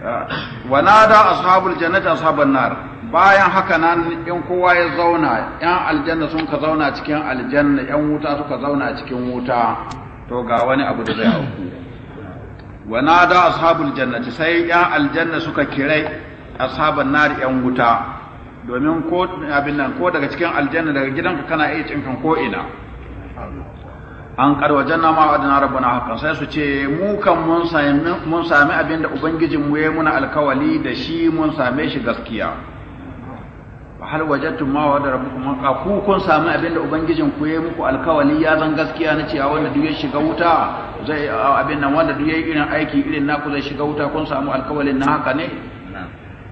[SPEAKER 4] Uh, wanada ashabul jannati ashaban nar bayan haka nan in kowa ya zauna yan aljanna sun ka zauna cikin aljanna yan wuta suka zauna cikin wuta to ga wani abu da zai auku wanada ashabul jannati sai yan aljanna suka kirai ashaban nar yan wuta domin ko abin nan ko daga cikin aljanna daga gidanka kana iya cinkan ko ina an karwajen nama wa adana rabbana haqqan sai su ce mu kan mun sami abin da ubangijin mu ya muna alkawali da shi mun same shi gaskiya hal wajadtum ma wa'ada rabbukum haqa ku kun sami abin da ubangijin ku ya muku alkawali ya zan gaskiya na cewa wanda duk ya shiga wuta zai abin nan wanda duk ya yi irin aiki irin naku zai shiga wuta kun samu alkawalin na haka ne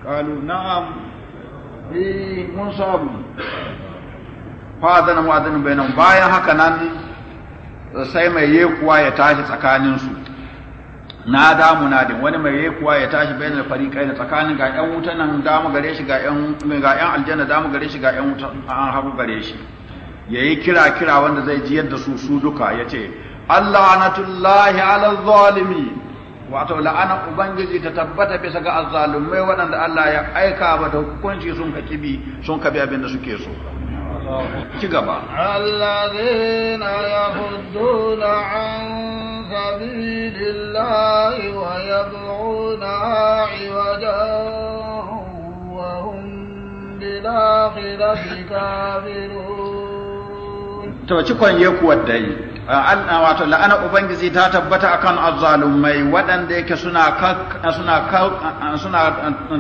[SPEAKER 4] qalu na'am eh mun sabu fa adana mu adana bayan haka nan sai mai yekuwa ya tashi tsakanin su na din wani mai yekuwa ya tashi fari kai da tsakanin ga yan wuta nan damu gare shi ga yan ga yan aljanna damu gare shi ga yan wuta an hagu gare shi yayi kira kira wanda zai ji yadda su su duka yace Allah anatullahi ala zalimi wato la'ana ubangiji ta tabbata bisa ga azzalumai waɗanda Allah ya aika ba da hukunci sun ka kibi sun ka abin da suke so ci gaba
[SPEAKER 5] alladhina yahudduna an sabilillahi wa wa hum bil akhirati
[SPEAKER 4] to ci kwanye kuwa dai wato la'ana ubangiji ta tabbata akan azzalumai waɗanda yake suna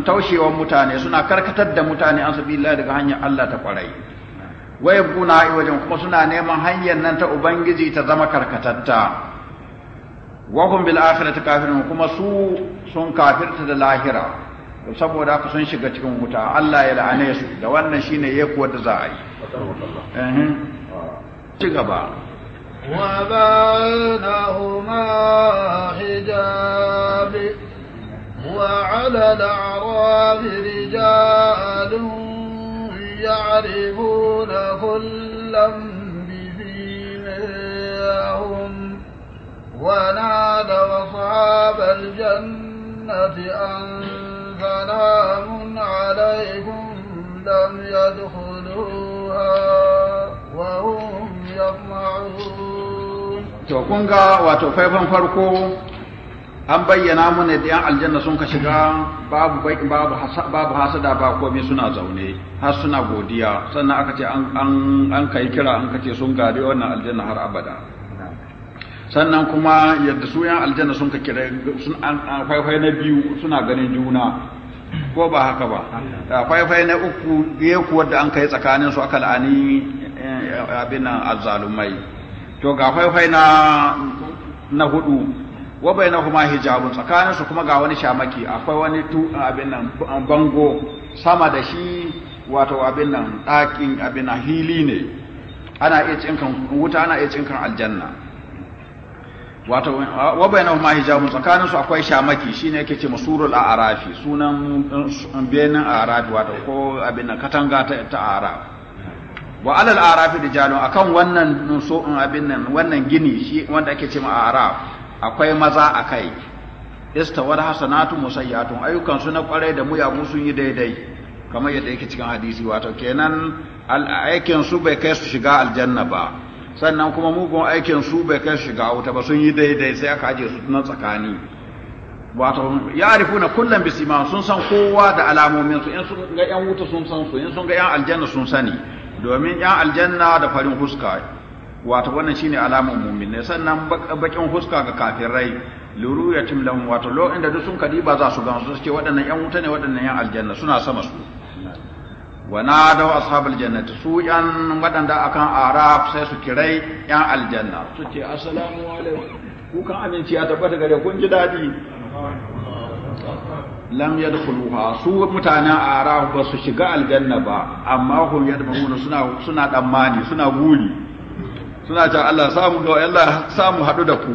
[SPEAKER 4] taushewa mutane suna karkatar da mutane an sabilillah daga hanyar Allah ta kwarai wa yabguna wajen kuma suna neman hanyar nan ta ubangiji ta zama karkatatta wa hum bil akhirati kafirun kuma su sun kafirta da lahira saboda haka sun shiga cikin wuta Allah ya la'ane su da wannan shine yake wanda za a yi ci gaba
[SPEAKER 5] wa bainahuma hijabi wa 'ala يعرفون كلا بسيماهم ونادوا أصحاب الجنة أن سلام عليكم لم يدخلوها وهم يطمعون.
[SPEAKER 4] To kun ga wato faifan farko an bayyana mana da yan aljanna sun ka shiga babu babu babu hasada ba komai suna zaune har suna godiya sannan aka ce an an an kai kira an kace sun gari wannan aljanna har abada sannan kuma yadda su yan aljanna sun ka kira sun an faifai na biyu suna ganin juna ko ba haka ba faifai na uku biye kuwa da an kai tsakanin su aka la'ani eh, abin nan azzalumai to ga faifai na na hudu wa bainahuma hijabun tsakanin su kuma ga wani shamaki akwai wani tu abin nan bango sama da shi wato abin nan ɗakin abin nan hili ne ana iya cinkan wuta ana iya cinkan aljanna wato wa bainahuma hijabun tsakanin su akwai shamaki shine yake ce masurul arafi sunan benin arad wato ko abin nan katanga ta arafi wa alal arafi dijalun akan wannan so abin nan wannan gini shi wanda ake cewa araf akwai maza a kai istawar hasanatu musayyatun ayyukan su na kwarai da muyagu sun yi daidai kamar yadda yake cikin hadisi wato kenan aikin su bai kai su shiga aljanna ba sannan kuma mugun aikin su bai kai su shiga wuta ba sun yi daidai sai aka ajiye su nan tsakani wato ya arifu na kullum bisima sun san kowa da alamomin su in sun ga yan wuta sun san su in sun ga yan aljanna sun sani domin yan aljanna da farin huska wato wannan shine alamun mu'min ne sannan bakin fuska ga kafirai luruyatim lahum wato lo inda duk sun kadi ba za su gan su ce waɗannan yan wuta ne waɗannan yan aljanna suna sama su wa da ashabul jannati su yan waɗanda akan araf sai su kirai yan aljanna su ce assalamu alaikum ku kan aminci ya tabbata gare kun ji dadi lam yadkhuluha su mutanen araf ba su shiga aljanna ba amma hum yadmuna suna suna damani suna guli suna can Allah samu ga Allah samu haɗu da ku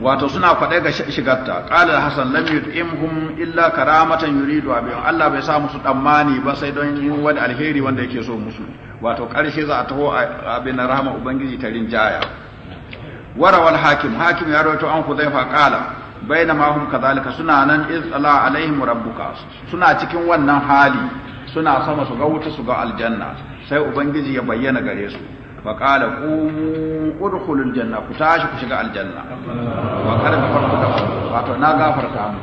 [SPEAKER 4] wato suna kwaɗe ga shigarta ƙala hasan lam yut'imhum illa karamatan yuridu abi Allah bai sa musu tsammani ba sai don yin wani alheri wanda yake so musu wato ƙarshe za a taho abin rahama ubangiji ta rinjaya warawal hakim hakim ya rawaito an qala ƙala ma hum kadhalika suna nan iz ala alaihim rabbuka suna cikin wannan hali suna sama su ga wuta su ga aljanna sai ubangiji ya bayyana gare su فقال qala qumu الجنة janna ku الجنة وقال بفرق aljanna فقال qala gafarta da wato na gafarta mu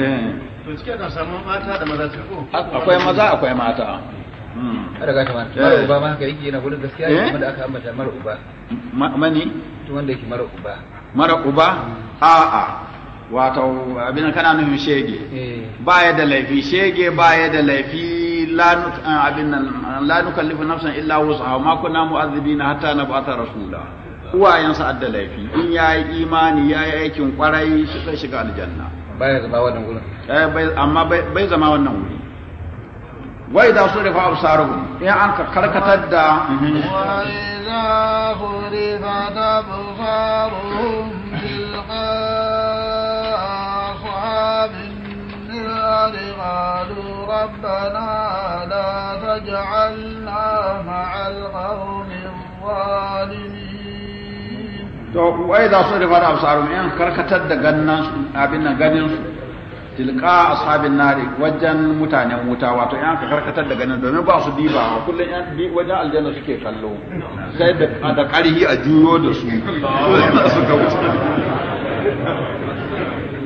[SPEAKER 4] eh to cike da samu mata da maza ko akwai maza hmm. mara eh. uba ma haka yake yana gudun gaskiya eh? ne kuma da aka ambata mara uba mani to wanda yake mara uba mara uba a'a wato abin kana nufin shege eh. ba ya da laifi shege ba ya da laifi illa abin nan la nukallifu nafsan illa wusaha ma kunna mu'adhibina hatta nab'atha rasula uwayensa adda laifi in yayi imani yayi aikin kwarai shi zai shiga aljanna bai zama wannan gurin eh amma bai zama wannan wuri wai da su rufa absaruhum in an ka karkatar da وإذا
[SPEAKER 5] خرفت أبصارهم تلقاء أصحاب النار قالوا ربنا لا تجعلنا مع القوم الظالمين to
[SPEAKER 4] wai da su rifa da absarum in karkatar da gannan abin nan ganin su tilka ashabin nari wajen mutanen wuta wato in ka karkatar da ganin domin ba su diba kullum yan bi wajen aljanna suke kallo sai da karhi a juyo da su suka wuce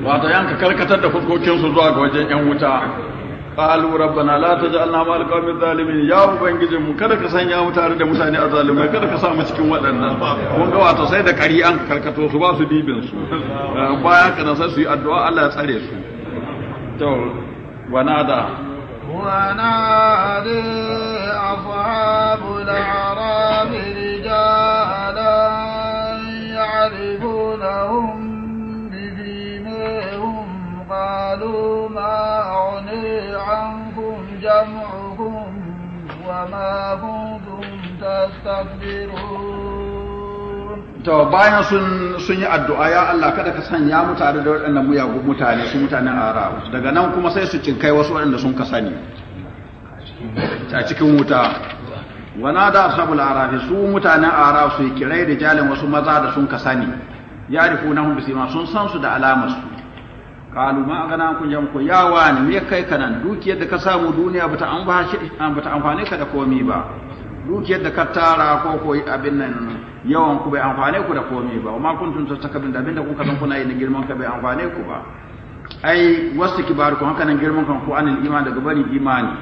[SPEAKER 4] wato yanka karkatar da fuskokinsu zuwa ga wajen yan wuta qalu rabbana la taj'alna ma'al qawmi zalimin ya ubangijin mu kada ka sanya mu tare da mutane azalimai kada ka sa mu cikin waɗannan kun ga wato sai da kari an karkato su ba su dibin su ka kana sai su yi addu'a Allah ya tsare su to wanada
[SPEAKER 5] ونادى أصحاب رجالا يعرفونهم جمعهم وما كنتم تستكبرون
[SPEAKER 4] to bayan sun sun yi addu'a ya Allah kada ka sanya mu tare da waɗannan muyagun mutane su mutanen Arab daga nan kuma sai su cinkai wasu waɗanda sun kasani. a cikin wuta wana da ashabul arafi su mutanen araf su kirai da jalin wasu maza da sun kasani, sani ya na hun bisima sun san su da alamar su qalu ma agana ku jam ku ya wani me kai kanan dukiyar da ka samu duniya bata an bata amfane ka da komi ba dukiyar da ka tara ko ko abin nan yawan ku bai amfane ku da komi ba amma kuntum tattakabin da abin da kuka san kuna yin girman ka bai amfane ku ba ai wasu kibaru kun haka girman kan ku anil iman daga bari imani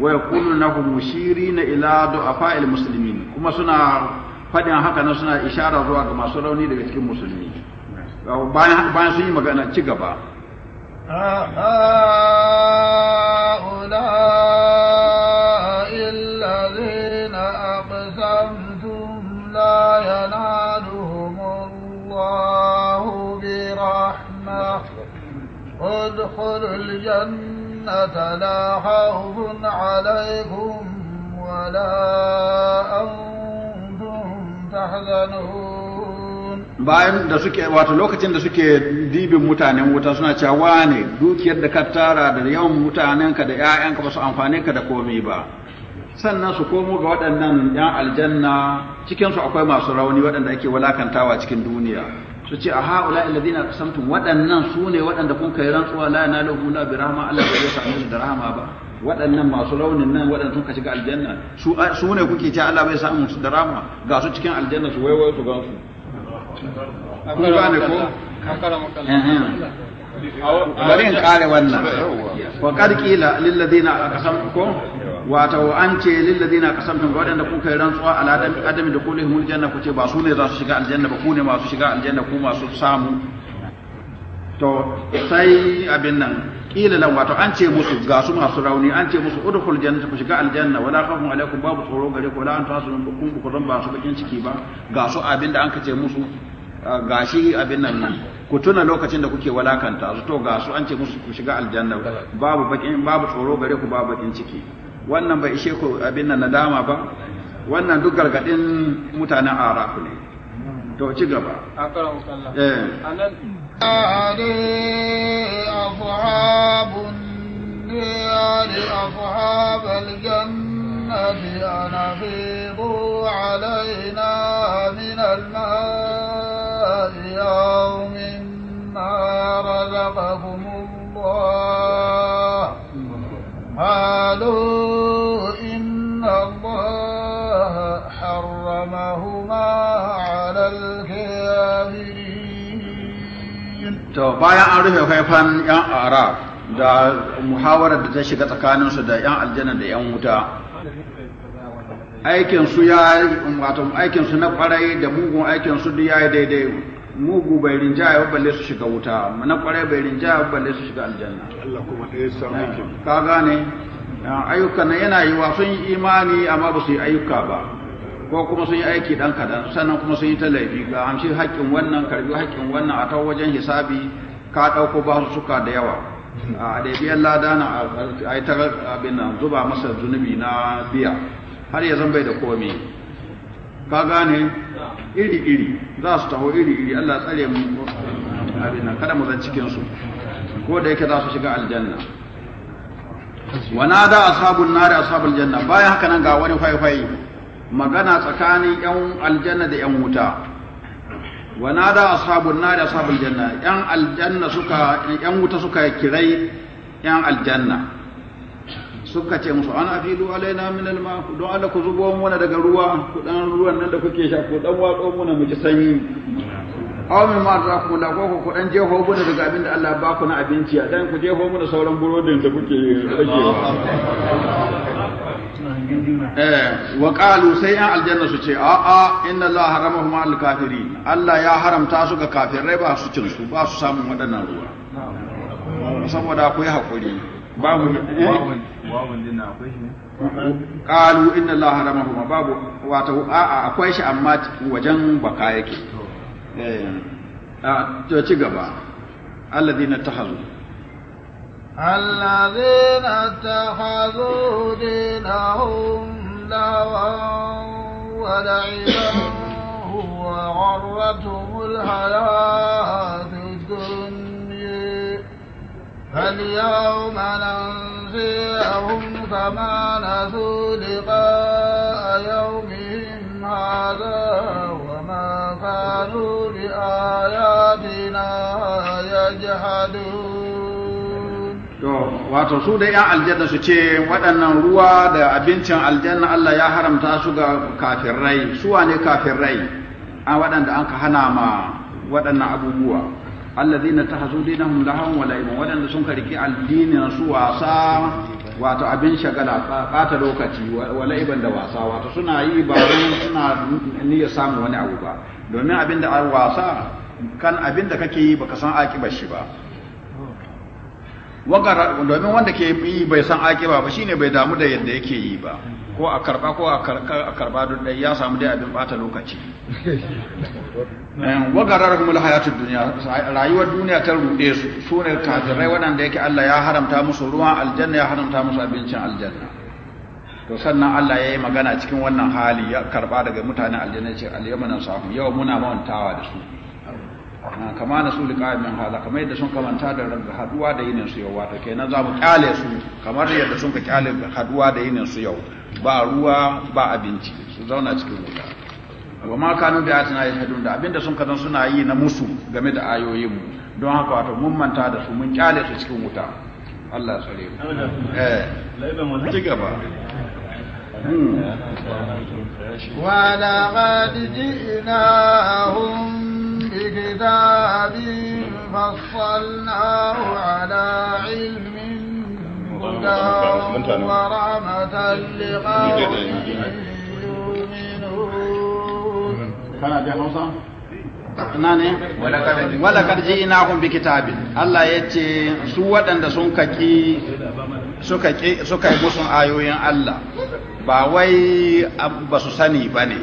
[SPEAKER 4] wa yakununahum mushirina ila du'afa'il muslimin kuma suna fadin haka nan suna isharar zuwa ga masu rauni daga cikin ba bayan sun yi magana ci gaba
[SPEAKER 5] أهؤلاء الذين أقسمتم لا ينالهم الله برحمة ادخلوا الجنة لا خوف عليكم ولا أنتم تحزنون
[SPEAKER 4] bayan da suke wato lokacin da suke dibin mutanen wuta suna cewa wane dukiyar da ka tara da yawan mutanenka da 'ya'yanka ba su amfane ka da komai ba sannan su komo ga waɗannan 'yan aljanna cikinsu akwai masu rauni waɗanda ake walakantawa cikin duniya su ce a ha'ula alladhina qasamtum waɗannan su ne waɗanda kun kai rantsuwa la yanaluhu la bi rahma Allah ya sa same da rahama ba waɗannan masu raunin nan waɗanda sun ka shiga aljanna su ne kuke cewa Allah bai samu su da rahama ga su cikin aljanna su waiwai su gansu
[SPEAKER 3] kun gane ko bari in kare wannan
[SPEAKER 4] wa qad qila lil ladina aqsamtukum wato an ce lil ladina aqsamtum ga wadanda kuka yi rantsuwa ala adam da kullu hul janna ce ba su ne za su shiga aljanna ba ku ne masu shiga aljanna ku masu samu to sai abin nan kila lam wato an ce musu ga su masu rauni an ce musu udkhul jannata ku shiga aljanna wala khawfun alaikum babu tsoro gare ku wala an tasu bukun ku zan ba su bakin ciki ba ga su abin da an ka ce musu ga shi abin nan ku tuna lokacin da kuke walakanta su to ga su an ce musu ku shiga aljanna babu bakin babu tsoro gare ku babu bakin ciki wannan bai ishe ku abin nan nadama ba wannan duk gargadin mutanen araku ne to ci gaba eh. a karan eh
[SPEAKER 5] anan عليه أصحاب النار أصحاب الجنة أن أفيضوا علينا من الماء أو مما رزقكم الله قالوا إن الله حرمهما على الكافرين
[SPEAKER 4] to bayan an rufe faifan yan arab da muhawarar da ta shiga tsakaninsu da yan aljanna da yan wuta aikinsu ya wato aikinsu na kwarai da mugun aikinsu duk ya yi daidai mugu bai rinjaya ba balle su shiga wuta na kwarai bai rinjaya ba balle su shiga aljanna Allah kuma ɗaya samu ka gane ayyukan yana yi wa sun imani amma ba su yi ayyuka ba ko kuma sun yi aiki dan kadan sannan kuma sun yi talafi ga amshi haƙƙin wannan karbi haƙƙin wannan a ta wajen hisabi ka ɗauko ba su suka da yawa a daidai lada na a ta abin nan zuba masa zunubi na biya har ya bai da komi ka gane iri iri za su taho iri iri Allah tsare mu abin nan kada mu zan cikin su ko da yake za su shiga aljanna wa da ashabun nari ashabul janna bayan haka nan ga wani faifai magana tsakanin yan aljanna da yan wuta wa nada ashabun nari ashabul janna yan aljanna suka yan wuta suka kirai yan aljanna suka ce musu ana filu alaina min alma don Allah ku zubo mana daga ruwa ku dan ruwan nan da kuke sha ku dan watso na mu ji sanyi aw min ma za ku la ko ku dan jeho mu daga abin da Allah ba ku na abinci a dan ku je mu da sauran burodin da kuke ragewa eh wa qalu sai an aljanna su ce a a inna Allah haramahuma al kafirin Allah ya haramta su ga kafirai ba su cin su ba su samun wadannan ruwa saboda akwai hakuri babu eh? wawun din akwai shi ne qalu inna Allah haramahuma babu wato a a akwai shi amma wajen baka yake إيه. آه، الذين اتخذوا
[SPEAKER 5] الذين اتخذوا دينهم لهوا ولعبا وغرتهم الحياة الدنيا فاليوم ننسيهم كما نسوا لقاء يومهم هذا كانوا بآياتنا يجحدون
[SPEAKER 4] wato su da ‘yan aljanna su ce waɗannan ruwa da abincin aljanna Allah ya haramta su ga kafirai su wane kafirai an waɗanda an ka hana ma waɗannan abubuwa allazina tahazu dinahum lahum wa la'im waɗanda sun karki na su wasa wato abin shagala ɓata lokaci wala iban da wasa wato suna yi ba wani suna niyyar samun wani abu ba domin abin da an wasa kan abin da kake yi baka san akibar shi ba domin wanda ke yi bai san akiba ba ne bai damu da yadda yake yi ba ko a karba ko a karba don dai ya samu dai abin bata lokaci wagarar kuma hayatun duniya rayuwar duniya ta rude su su ne kafirai waɗanda yake Allah ya haramta musu ruwan aljanna ya haramta musu abincin aljanna to sannan Allah ya yi magana cikin wannan hali ya karba daga mutanen aljanna ce al-yawma nasahum yau muna mawantawa da su kama na su min haza kamar yadda sun kamanta da haduwa da yinin su yau wato kenan za mu kyale su kamar yadda sun ka kyale haduwa da yinin su yau ba ruwa ba abinci su zauna cikin wuta wa ma kanu bi atina yashhadun da abinda sun kazan suna yi na musu game da ayoyin mu don haka wato mun manta da su mun kyale su cikin wuta Allah tsare mu eh ci gaba ولقد
[SPEAKER 5] جئناهم بكتاب فصلناه على علم هدى ورحمة لقوم يؤمنون
[SPEAKER 4] كان جهوزا nane wala karji ina kun bi kitabin Allah ya ce su wadanda sun kaki suka ki suka yi musun ayoyin Allah ba wai ba su sani ba ne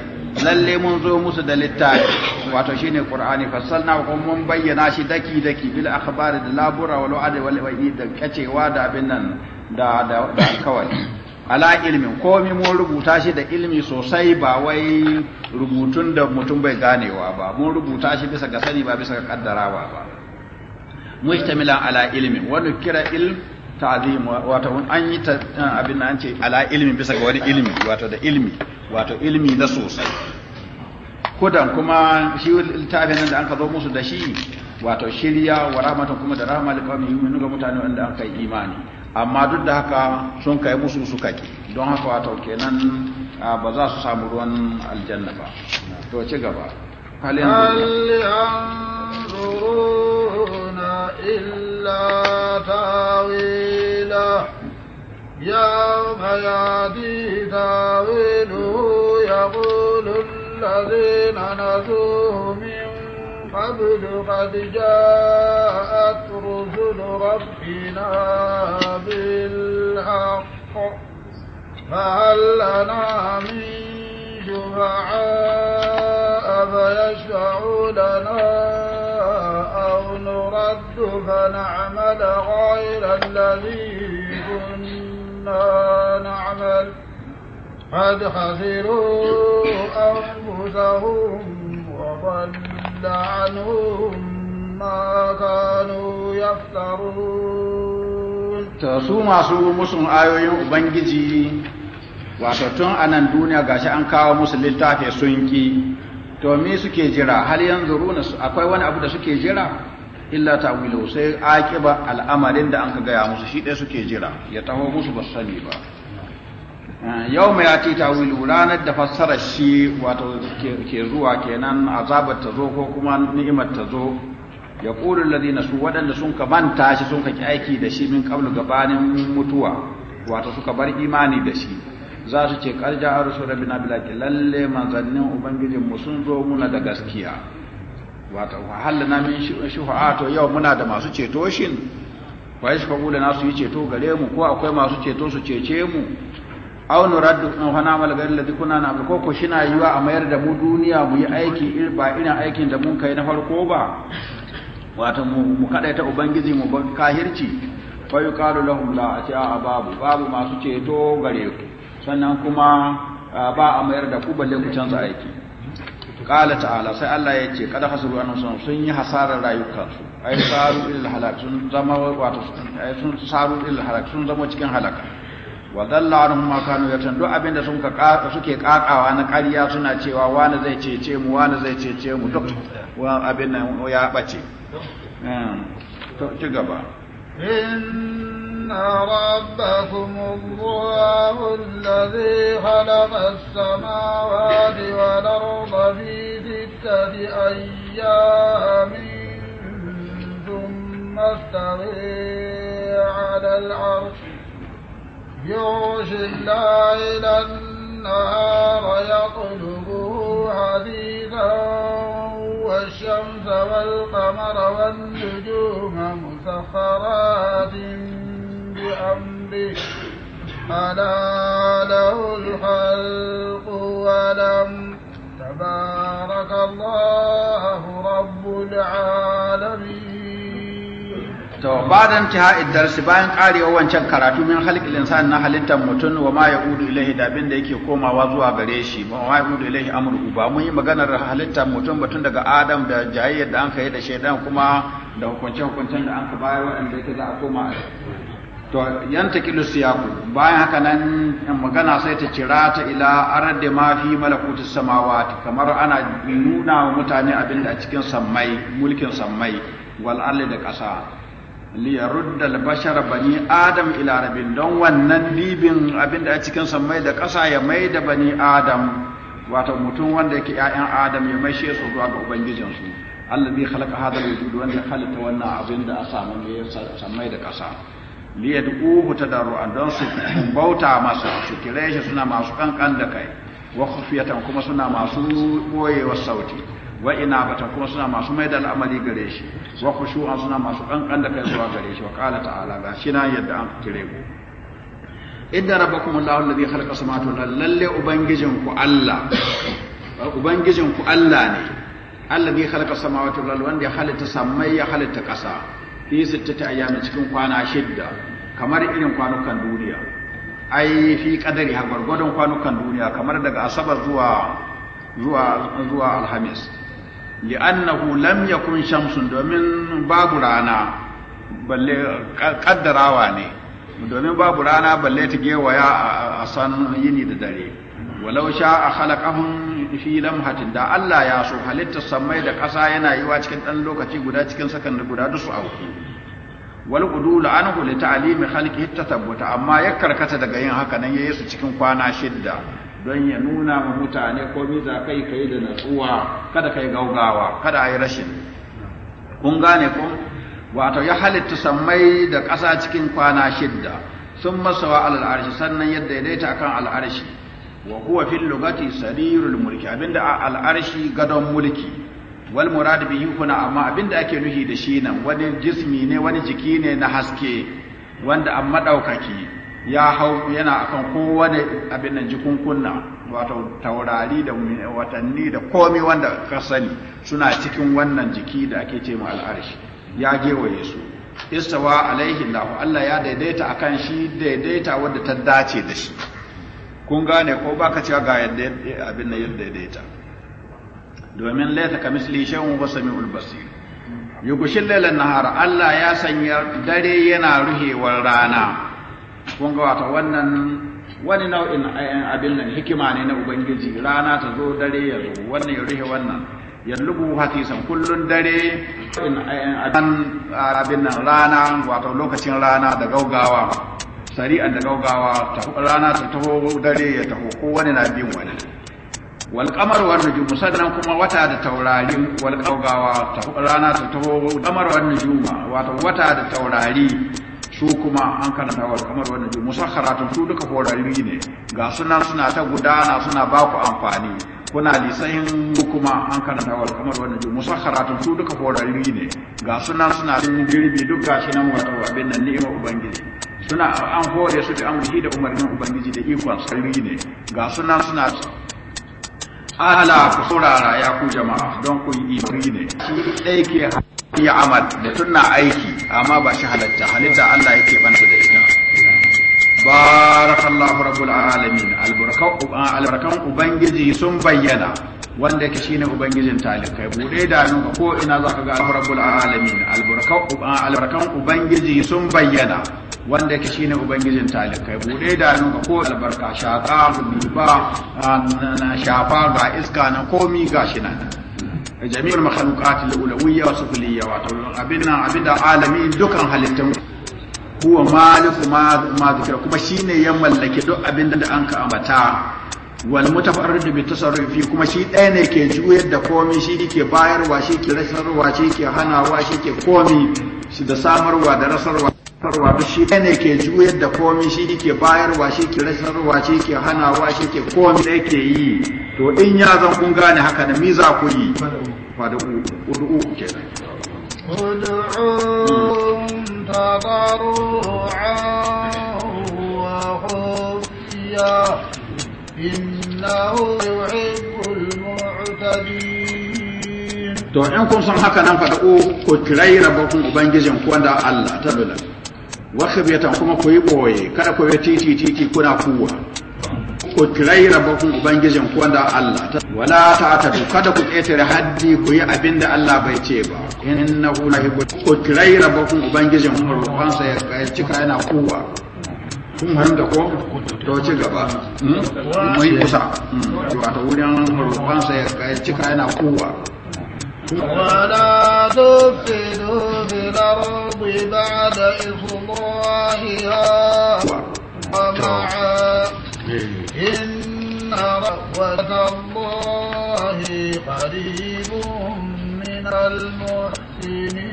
[SPEAKER 4] lalle mun zo musu da littafi wato shine ƙur'ani fassalna ko mun bayyana shi daki daki bil akhbari da labura wal wa'd wal wa'id da kacewa da abin nan da da kawai ala ilmin Komi mun rubuta shi da ilmi sosai ba wai rubutun da mutum bai ganewa ba mun rubuta shi bisa ga sani ba bisa ga kaddarawa ba mujtamilan ala ilmin wani kira ilm ta'zim wato an yi ta abin nan ce ala ilmi bisa ga wani ilmi wato da ilmi wato ilmi na sosai kodan kuma shi littafin nan da an ka zo musu da shi wato shirya wa rahmatan kuma da rahma liqawmi yu'minu ga mutane wanda an kai imani amma duk da haka sun kai musu su kake don haka wato kenan ba za su samu ruwan aljanna ba to ci gaba hal yanzuruna
[SPEAKER 5] illa ta'wil يوم يأتي تاويله يقول الذين نسوه من قبل قد جاءت رسل ربنا بالحق فهل لنا من شفعاء فيشفعوا لنا أو نرد فنعمل غير الذي كنا كنا نعمل قد خسروا أنفسهم وضل عنهم ما كانوا يفترون
[SPEAKER 4] تسوما سوء مسلم آيوين بنجي wato tun a nan duniya gashi an kawo musu littafi sun ki to me suke jira hal yanzu runa akwai wani abu da suke jira illa ta'wilu sai aqiba al'amarin da anka gaya musu shi dai suke jira ya taho musu ba sani ba yau mai ati ta'wilu ranar da fassarar shi wato ke zuwa kenan azabar ta zo ko kuma ni'imar ta zo ya qulu alladhina su waɗanda sun ka manta shi sun ka ki aiki da shi min qablu gabanin mutuwa wato suka bar imani da shi za su ce karja arsu rabbina bilaki lalle manzannin ubangijin mu sun zo muna da gaskiya wato na min shuha'ato yau muna da masu ceto shin wa yashfa'u lana nasu yi ceto gare mu ko akwai masu ceto su cece mu aw nuraddu in hana mal gari ladhi kunna na'mal ko ko shina yiwa a mayar da mu duniya mu yi aiki ba irin aikin da mun kai na farko ba wato mu mu kadaita ubangiji mu ban kahirci fa yuqalu lahum la ataa babu babu masu ceto gare ku sannan kuma ba a mayar da ku balle ku canza aiki qala ta'ala sai Allah ya ce kada hasru anhum sun sun yi hasarar su ai saru ilal halak sun zama wato sun ai sun saru ilal halak sun zama cikin halaka wa dalla anhum ma kanu yatan duk abinda sun ka ka suke kakawa na ƙarya suna cewa wani zai cece mu wani zai cece mu duk wa abin nan ya bace ehm, to ci gaba
[SPEAKER 5] ربكم الله الذي خلق السماوات والأرض في ستة أيام ثم استوي على العرش يغشي الليل النهار يطلبه حديثا والشمس والقمر والنجوم مسخرات بأمره ألا له الخلق ولم تبارك الله رب العالمين
[SPEAKER 4] to bada intihai darsi bayan karewa wancan karatu min halqil insan na halittar mutum wa ma yaudu ilaihi da abin da yake komawa zuwa gare shi ba ma yaudu ilaihi amru ba mun yi maganar halittar mutum batun daga adam da jayayyar da an da shaidan kuma da hukunce hukuncen da an ka bayar wanda yake za a koma to yanta kilu siyaku bayan haka nan magana sai ta kira ta ila mafi, ma fi malakutus samawati kamar ana nuna wa mutane abin da a cikin sammai mulkin sammai wal arli da ƙasa li yarudda al bashar bani adam ila rabbin don wannan dibin abin da a cikin sammai da ƙasa ya mai da bani adam wato mutum wanda yake ƴaƴan adam ya mai shi zuwa ga ubangijinsu allazi khalaqa hadha al wujud wanda halitta wannan abin da a samu ne sammai da ƙasa liyad'uhu tadarru'an don su bauta masa su kire shi suna masu kankan da kai wa khufiyatan kuma suna masu boyewa sauti wa inabatan kuma suna masu maida al'amari gare shi wa khushu'an suna masu kankan da kai zuwa gare shi wa qala ta'ala ga shi na yadda an kire ku idda rabbakum allahu alladhi khalaqa samawati wal arda lalle ubangijin ku Allah ubangijin ku Allah ne alladhi khalaqa samawati wal arda wanda ya halitta samai ya halitta kasa fi sittati ayyamin cikin kwana shidda kamar irin kwanukan duniya ai fi kadari ha gwargwadon kwanukan duniya kamar daga asabar zuwa zuwa zuwa alhamis li'annahu lam yakun shamsun domin babu rana balle kaddarawa ne domin babu rana balle ta gewaya a san yini da dare walau sha a khalaqahum fi lamhatin da Allah ya so halitta samai da ƙasa yana yiwa cikin ɗan lokaci guda cikin sakan guda dusu auki wal qudul anhu li ta'limi khalqihi tabbata. amma ya karkata daga yin haka nan yayi su cikin kwana shidda don ya nuna ma mutane ko mi za kai kai da natsuwa kada kai gaugawa kada ayi rashin kun gane ko wato ya halitta samai da ƙasa cikin kwana shidda sun masawa alal al'arshi sannan yadda ya daita akan kan wa huwa fil lugati sarirul mulki abinda al al'arshi gadon mulki wal murad bihi kuna amma abinda ake nuhi da shi nan wani jismi ne wani jiki ne na haske wanda amma daukaki ya hau yana akan kowane abin nan kunna wato taurari da watanni da komi wanda ka sani suna cikin wannan jiki da ake ce ma al'arshi ya gewaye su istawa alaihi Allah ya daidaita akan shi daidaita wadda ta dace da shi kun gane ko baka cewa ga yadda abin nan yadda daidaita domin laita ka misli shan wa sami'ul basir yugushil lailan nahara Allah ya sanya dare yana ruhewar rana kun ga wata wannan wani nau'in abin nan hikima ne na ubangiji rana ta zo dare ya zo wannan ya ruhe wannan hati san kullun dare abin nan rana wato lokacin rana da gaugawa sari'an da gaugawa rana ta taho dare ya taho ko wani na bin wani walƙamar wani wan nujum sannan kuma wata da taurari wal gaugawa rana ta taho qamar wani ji ma wata da taurari su kuma an karanta wal qamar wan nujum musakharatun su duka horari ne ga suna suna ta gudana suna ba ku amfani kuna lisayin kuma an karanta wal qamar wan nujum musakharatun su duka horari ne ga suna suna girbi duk gashi nan wata abin nan ni'imar ubangiji suna an hore su bi amurki da umarnin ubangiji da ikon sarri ne ga suna suna ala ku saurara ya ku jama'a don ku yi imri ne shi ɗaya ke yi amal da tunna aiki amma ba shi halatta halitta Allah yake banta da barakallahu rabbul ubangiji sun bayyana wanda yake shine ubangijin talikai bude da nan ko ina zaka ga rabbul alamin albarakan ubangiji sun bayyana wanda yake shine ubangijin talikai bude da nan ko albarka shaka ba na shafa ga iska na komi gashi nan jami'ul makhluqat al-ulawiyya wa sufliyya wa abinna abida alamin dukan halittun huwa maliku ma zikira kuma shine ya mallake duk abin da an ka ambata wal mutafarrid bi tasarrufi kuma shi ɗaya ne ke juyar da komi shi ke bayarwa shi ke rasarwa shi ke hanawa shi ke komi shi da samarwa da rasarwa rasarwa duk shi ɗaya ne ke juyar da komi shi ke bayarwa shi ke rasarwa shi ke hanawa shi ke komi da ke yi to in ya zan kun gane haka da mi za ku yi fa da uku kenan to in kun san haka nan faɗa ku kirai rabakun ubangijin kuwanda da Allah ta dula wasu biyatan kuma ku yi ɓoye, kada ku yi titi titi kuna kuwa ku tirai ku ubangijin ku wanda Allah wala ta ta kada ku ƙetare haddi ku yi abin da Allah bai ce ba innahu la yuhibbu ku tirai ku ubangijin ku ruwansa ya cika yana kuwa kun da ko to ci gaba hmm? mu yi kusa hmm. ta wurin ruwansa ya cika yana kuwa ولا
[SPEAKER 5] تفسدوا في الأرض بعد إصلاحها ومعاد إن رحمة الله قريب من المحسنين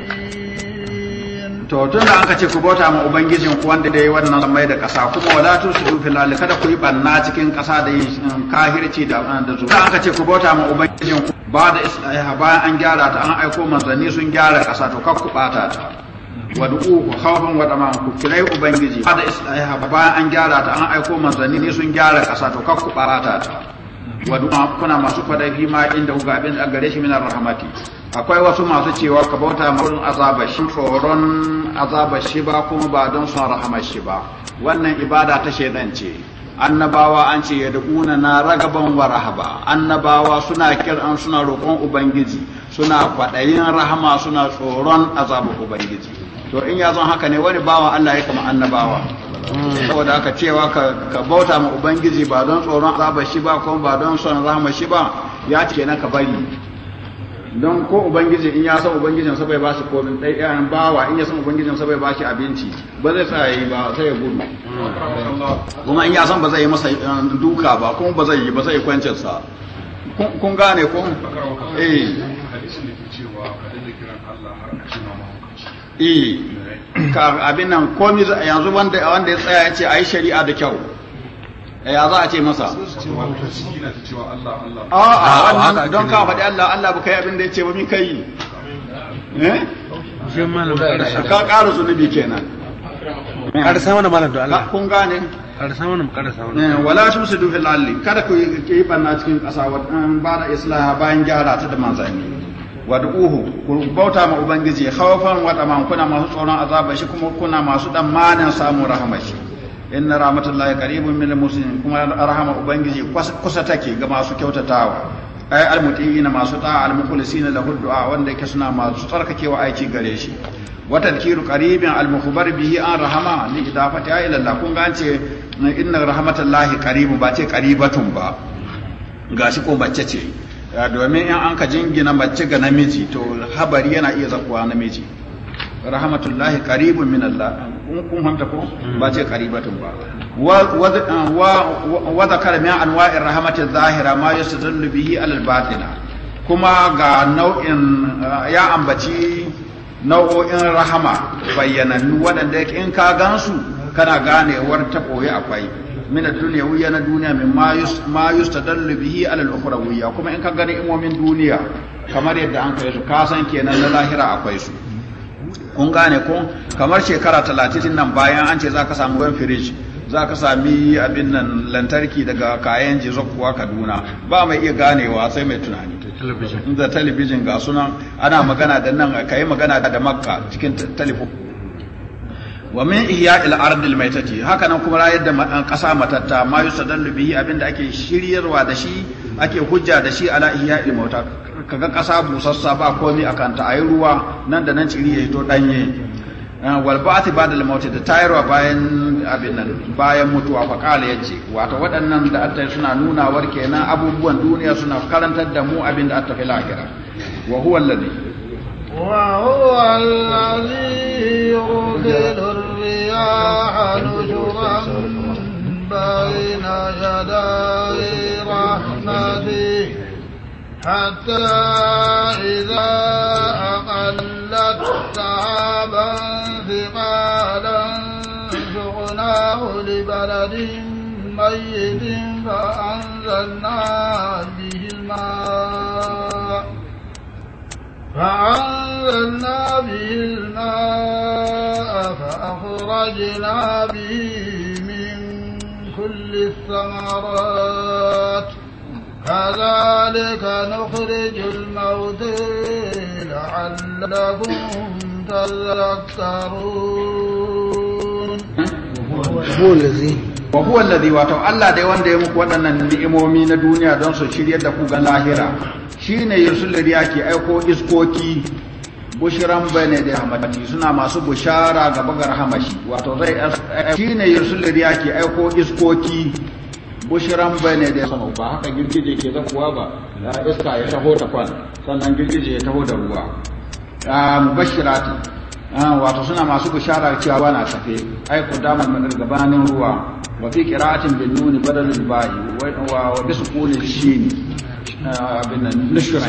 [SPEAKER 4] to tun da an ka ce ku bauta ma ubangijin ku wanda dai wannan mai da ƙasa kuma wala su fil ardi kada ku yi banna cikin ƙasa da yin um, kahirci da um, da zuwa an ka ce ku bauta ma ubangijin ku ba da eh, bayan an gyara ta an aiko manzanni sun gyara ƙasa to kar ku bata ta wad'uhu khawfan wa tamam ku kirai ubangiji da islaha bayan an gyara ta an aiko manzanni ne sun gyara kasa to ku barata ta wad'u kuna masu fadagi ma inda ku gabin a gare shi minar rahmati akwai wasu masu cewa ka bauta marin azaba shi tsoron azaba shi ba kuma ba don son rahama shi ba wannan ibada ta shedan ce annabawa an ce ya da'una na ragaban wa rahaba annabawa suna kiran suna roƙon ubangiji suna kwaɗayin rahama suna tsoron azabar ubangiji to in ya zon haka ne wani bawa Allah ya kama annabawa saboda haka cewa ka bauta ma ubangiji ba don tsoron azabar shi ba kuma ba don son rahama shi ba ya ce na ka bari don ko ubangiji in ya san ubangijin sa bai ba shi komin dai yaran bawa in ya san ubangijin sa bai ba shi abinci ba zai tsaya yi ba sai ya gudu kuma in ya san ba zai yi masa eh, duka ba kuma ba zai yi ba zai kwancin sa kun gane ko eh hadisin da cewa ka dinga kiran Allah har ka ci mama eh ka abin nan komi yanzu wanda wanda ya tsaya ya ayi shari'a da kyau eh, ya za a ce masa a a don ka faɗi Allah Allah ba kai abin da ya ce ba mi kai eh ka ƙara zunubi kenan ƙarsa mana malam da Allah kun gane ƙarsa mana ƙarsa mana wala su su dufi lalle kada ku yi banna cikin ƙasa wa mm, ba da islaha bayan gyara ta da manzani wad'uhu ku bauta ma ubangiji khawfan wa tamam kuna masu tsoron azaba shi kuma kuna masu damanin samu rahama shi inna rahmatullahi qaribun min muslimin kuma rahama ubangiji kusa take ga masu kyautatawa ay almutiina masu ta'a al-mukhlisin lahu du'a wanda yake suna masu tsarkakewa aiki gare shi wa tadhkiru qaribin al-mukhbar bihi an rahama li idafati ila Allah kun ga an ce inna rahmatullahi qaribun ba ce qaribatun ba gashi ko bacce ce domin in an ka jingina mace ga namiji to habari yana iya zakuwa namiji rahmatullahi qaribun min Allah kun kun hanta ko ba ce qaribatun ba wa zakara min anwa'ir rahmati zahira ma yastadillu bihi alal batina kuma ga nau'in ya ambaci nau'o'in rahama bayyana waɗanda in ka gansu kana ganewar ta koyi akwai min ad wuya na duniya min ma yus ma yustadallu bihi ala al-ukhrawiyya kuma in ka gani imomin duniya kamar yadda an kai su kasan kenan na lahira akwai su kun gane ko kamar shekara 30 nan bayan an ce za ka samu wani firij za ka sami abin nan lantarki daga kayan jizokuwa kaduna ba mai iya ganewa sai mai tunani da talabijin ga sunan ana magana da nan ka yi magana da maka cikin talifon wa min ihya'il ardil maitati haka nan kuma rayar da eh, ƙasa matatta ma yusadallu lu'bihi, abinda ake shiryarwa da shi ake hujja da shi ala ihya'il mauta kaga ƙasa busassa ba komai kanta, a ayi ruwa nan da nan ciri ya hito danye eh, wal ba'ti ba'dal ba da tayarwa bayan abin nan bayan mutuwa fa qala yace wato waɗannan da Allah suna nunawar kenan abubuwan duniya suna karantar da mu abinda Allah ta lahira wa huwa alladhi
[SPEAKER 5] وهو الذي يرسل الرياح نشرا بين يدي رحمته حتى إذا أقلت سحابا ثقالا سقناه لبلد ميت فأنزلنا به الماء فأنزلنا به الماء فأخرجنا به من كل الثمرات كذلك نخرج الموت لعلكم تذكرون
[SPEAKER 4] هو الذي wa huwa alladhi wato Allah dai wanda ya muku waɗannan ni'imomi na duniya don su shiryar da ku ga lahira shine yusul riya ke aiko iskoki bushiran bane da rahmati suna masu bushara ga bagar hamashi wato zai shine yusul riya ke aiko iskoki bushiran bane da sama ba haka girgije ke zan kuwa ba iska ya taho ta kwan sannan girgije ya taho da ruwa ah, mubashirati ah, wato suna masu bushara cewa ba na safe aiko da damar gabanin ruwa وفي قراءة بالنون بدل الباء وبسكون الشين نشرا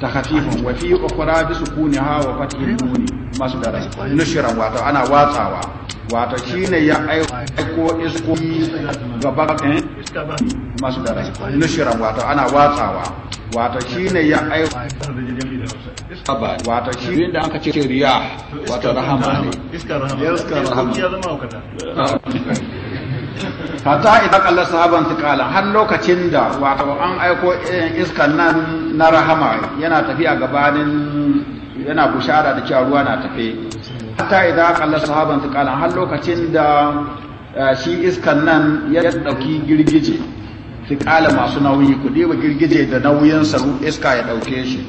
[SPEAKER 4] تخفيفا وفي أخرى بسكونها وفتح النون مصدرا نشرا واتو أنا واتوا واتو شين يا أيكو إسكو غبغ masu daraja nushiran wato ana watsawa shi ne ya ai wato shi ne inda aka ce riya wato rahama ne
[SPEAKER 1] iska rahama iska rahama ya zama wakata
[SPEAKER 4] hatta idan Allah sahaban tukala har lokacin da wato an aiko eh, iskan nan na rahama yana tafiya gabanin yana bushara da cewa ruwa na tafe hatta idan Allah sahaban tukala har lokacin da Eh, shi iskan nan ya ɗauki girgije fi ƙala masu nauyi ku ɗiba girgije da nauyin saru iska ya ɗauke shi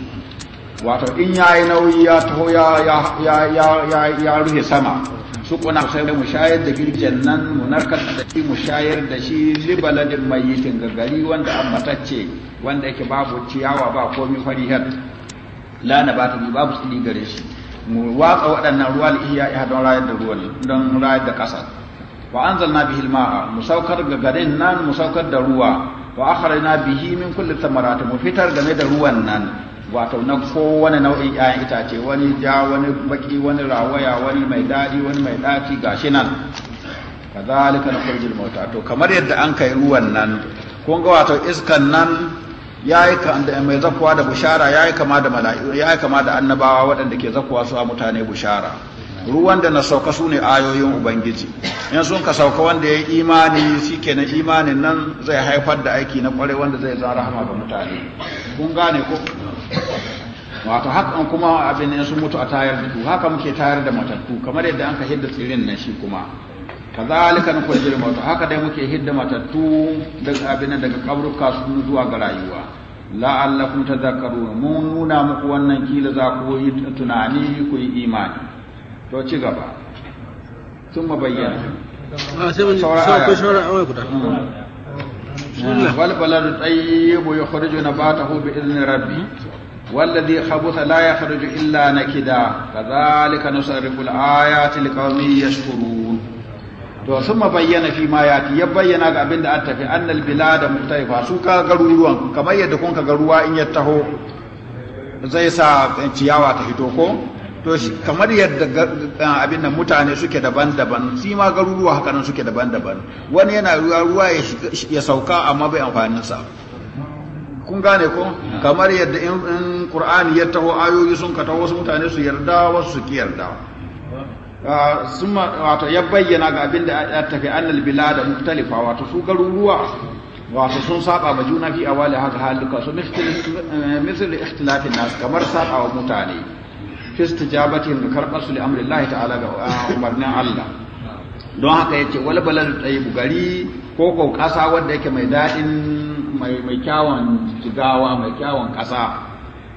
[SPEAKER 4] wato in ya yi nauyi ya taho ya ruhe sama su kuna sai mu shayar da girgijen nan mu narkar da shi mu shayar da shi libaladin mayitin gari wanda ambatacce wanda yake babu ciyawa ba komi farihar la na ba ta babu tsini gare shi mu watsa waɗannan ruwa iya don rayar da ruwan don rayar da ƙasa wa anzalna bihi maa musaukar ga garin nan musaukar da ruwa wa akhrajna bihi min kulli thamarati mu fitar game da ruwan nan wato na kowane nau'in ƴaƴan itace wani ja wani baki wani rawaya wani mai dadi wani mai daci gashi nan kadhalika nukhrijul mauta to kamar yadda an kai ruwan nan kun ga wato iskan nan yayi mai zakuwa da bushara yayi kama da mala'iku yayi kama da annabawa waɗanda ke zakuwa su a mutane bushara ruwan da na sauka su ne ayoyin ubangiji in sun ka sauka wanda ya imani shi na imanin nan zai haifar da aiki na kware wanda zai zan rahama ga mutane kun gane ko wato hakan kuma abin da sun mutu a tayar da haka muke tayar da matattu kamar yadda an ka hidda tsirin nan shi kuma kazalika na kwajir mautu haka dai muke hidda matattu daga abin daga kabruka su zuwa ga rayuwa la'allakum zakaru mun nuna muku wannan kila za ku yi tunani ku yi imani to ci gaba sun mabayyana ah, hmm. hmm. walbalar tsaye bu ya kharju na ba ta hobi izini rabbi walladi khabutha la ya kharju illa na kida ka zalika nusarriful ayati liqaumi yashkurun to sun mabayyana fi ma ya ya bayyana ga abinda an tafi annal da mutaifa su ka garuruwan kamar yadda kun ka garuwa in ya taho zai sa ciyawa ta fito ko to kamar yadda abin nan mutane suke daban-daban shi ma garuruwa haka nan suke daban-daban wani yana ruwa ruwa ya sauka amma bai amfanin sa kun gane ko kamar yadda in qur'ani ya taho ayoyi sun ka taho wasu mutane su yarda wasu su ki yarda summa wato ya bayyana ga abin da ya tafi annal bilada mukhtalifa wato su garuruwa wato sun saba ma juna fi awali haka haluka su misal ikhtilafin nas kamar saba wa mutane fi istijabatin da karbar su li amrillahi ta'ala ga ah, umarnin Allah don haka yace wal balal tayyib gari ko ko kasa wanda yake mai dadin mai mai kyawun jigawa mai kyawun kasa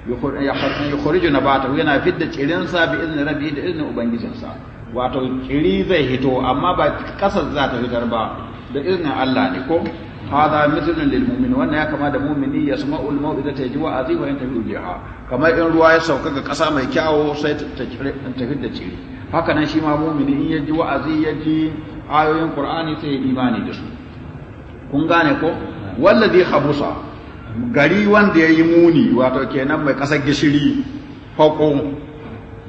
[SPEAKER 4] yukhriju nabata yana fidda cirin sa bi izni rabbi da ubangijin ubangijinsa wato ciri zai hito amma ba kasar za ta fitar ba da iznin Allah ne ko hada mithlun lil mu'min wannan ya kama da mu'mini ya sama ul mau'izata yaji wa'azi wa yantafi biha kamar in ruwa ya sauka ga kasa mai kyawo sai ta tafi da ciri haka nan shi ma mu'mini in yaji wa'azi yaji ayoyin qur'ani sai ya imani da su kun gane ko wallazi khabusa gari wanda yayi muni wato kenan mai kasar gishiri fako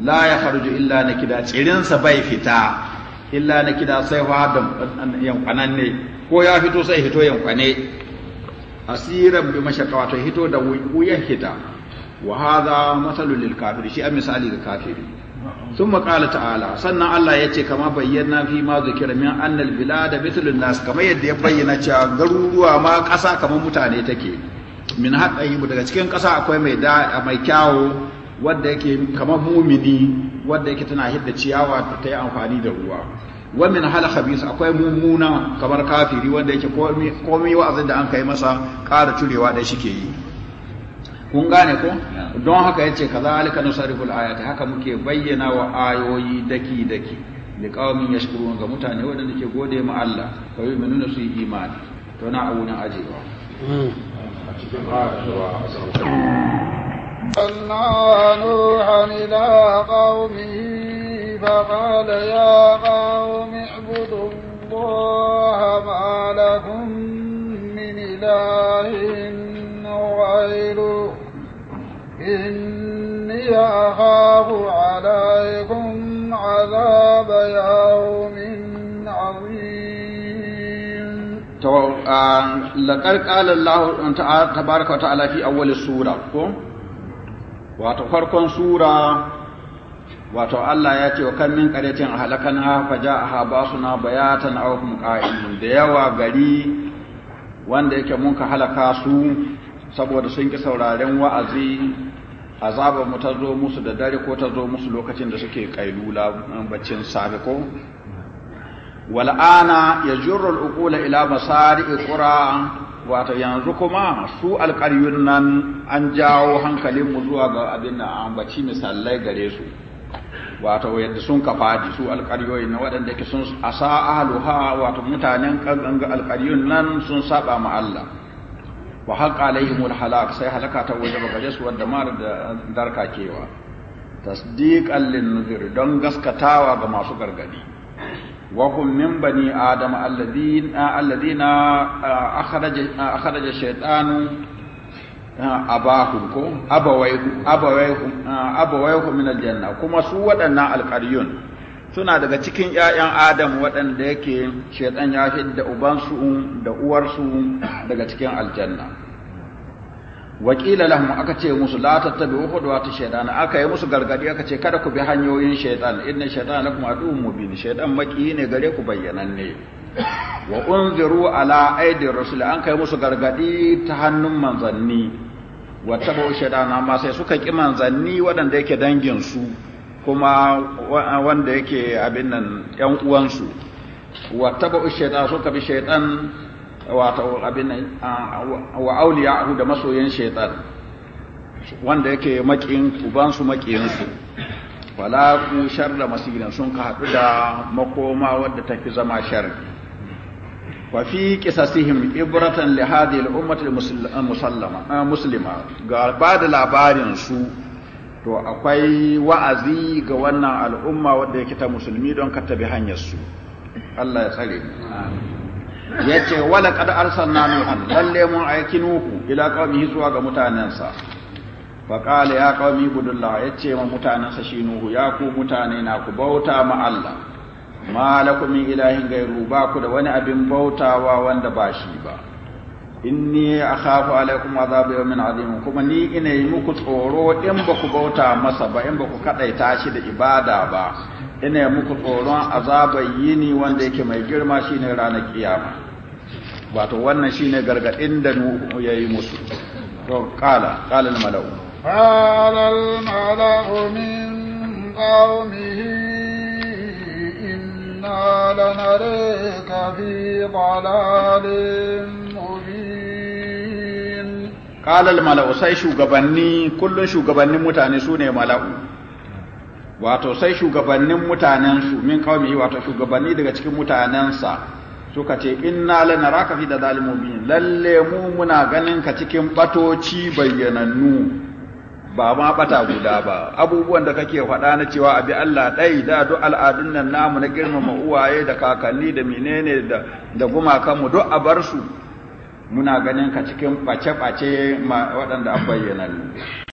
[SPEAKER 4] la ya kharuju illa nakida tsirinsa bai fita illa nakida sai fa da yankanan ne ko ya fito sai hito yankwane asiran bi mashaka wato hito da wuyan hita wa hadha mathalu lil kafiri shi a misali ga kafiri sun maƙala ta'ala sannan Allah ya ce kama bayyana fi ma zikira min annal, al bilada mithlu nas kama yadda ya bayyana cewa garuruwa ma ƙasa kamar mutane take min haɗayi daga cikin ƙasa akwai mai da mai kyawo wanda yake kamar mumini wanda yake tana hidda ciyawa ta yi amfani da ruwa wa min hal khabith akwai mumuna kamar kafiri wanda yake komai komai wa'azin da an kai masa ƙara turewa da ke yi kun gane ko don haka yace kazalika nusariful ayati haka muke bayyana wa ayoyi daki daki li qaumin yashkurun ga mutane wadanda ke gode ma Allah fa yu'minuna su imani to na abuna ajewa
[SPEAKER 5] Allah nuha ila qaumihi فقال يا قوم اعبدوا الله ما لكم من إله غيره إني أخاف عليكم عذاب يوم عظيم
[SPEAKER 4] تو لقد قال الله تبارك وتعالى في أول السورة wato farkon sura wato Allah ya ce wa kan min qaryatin ahlakana fa ja'aha basuna bayatan aw hum qa'imun da yawa gari wanda yake mun ka halaka su saboda sun ki sauraren wa'azi azaba mu ta zo musu da dare ko ta zo musu lokacin da suke kailula um, baccin safe ko wal'ana ya yajurru al'ukula ila masari ikura wato yanzu kuma su alƙaryun nan an jawo hankalin mu zuwa ga abin da ambaci misalai gare su wato yadda sun kafa su alƙaryoyi na waɗanda ke sun asa ahluha wato mutanen ƙanƙanga alƙaryoyin nan sun saba ma Allah wa haƙa alaihimul halak sai halaka ta waje ba gaje su wanda mara da darka kewa tasdiq allin nuzir don gaskatawa ga masu gargadi wa hum min bani adam alladhina alladhina akhraja akhraja shaytanu Ah, abahum ko abawaihu abawaihu ah, abawaihu min aljanna kuma su waɗannan alqaryun suna daga cikin 'ya'yan adam waɗanda yake shaytan ya hidda ubansu da uwarsu daga cikin aljanna wakila lahum aka musu la tattabi'u khudwat shaytan aka yi musu gargadi aka ce kada ku bi hanyoyin shaytan inna shaytan lakum aduwwun mubin shaytan maki ne gare ku bayyananne wa unziru ala aidir rasul an kai musu gargadi ta hannun manzanni wata ba na, amma sai suka ki manzanni waɗanda yake dangin su kuma wanda yake abin nan ƴan uwansu wata ba shaidan suka bi shaidan wato abin nan wa hu da masoyan shaidan wanda yake makin ubansu su. wala ku sharra masigina sun ka haɗu da makoma wadda tafi zama sharri وفي قصصهم إبرة لهذه muslima ga ba da العبارين سوء to akwai wa'azi ga wannan al'umma wadda yake ta musulmi don ka tabi hanyar su Allah ya tsare mu yace wala qad arsalna nuhan lalle mun aiki nuhu ila qaumihi zuwa ga mutanensa fa qala ya qaumi budullah yace ma mutanensa shi nuhu ya ku mutane na ku bauta ma Allah ma lakum min ilahin gairu ba ku da wani abin bautawa wanda ba shi ba inni akhafu alaikum azab yawmin azim kuma ni ina yi muku tsoro in ba ku bauta masa ba in ba ku kadaita shi da ibada ba ina yi muku tsoron azabai yini wanda yake mai girma shine ranar kiyama wato wannan shine gargadin da nu yayi musu to qala qala al mala'u
[SPEAKER 5] qala al mala'u min qaumihi وإنا لنريك في ضلال مبين
[SPEAKER 4] قال الملأ سي شوغبني كل شوغبني متاني سوني ملأ wato sai shugabannin mutanensu min kawai wato shugabanni daga cikin mutanensa suka ce inna lanaraka fi da zalimin lalle mu muna ganin ka cikin batoci bayyanannu ba ma bata guda ba abubuwan da kake faɗa na cewa abi Allah ɗai da duk al'adun nan namu na girmama uwaye da kakanni da menene da da gumakanmu duk a bar su muna ganin ka cikin ɓace-ɓace waɗanda an bayyana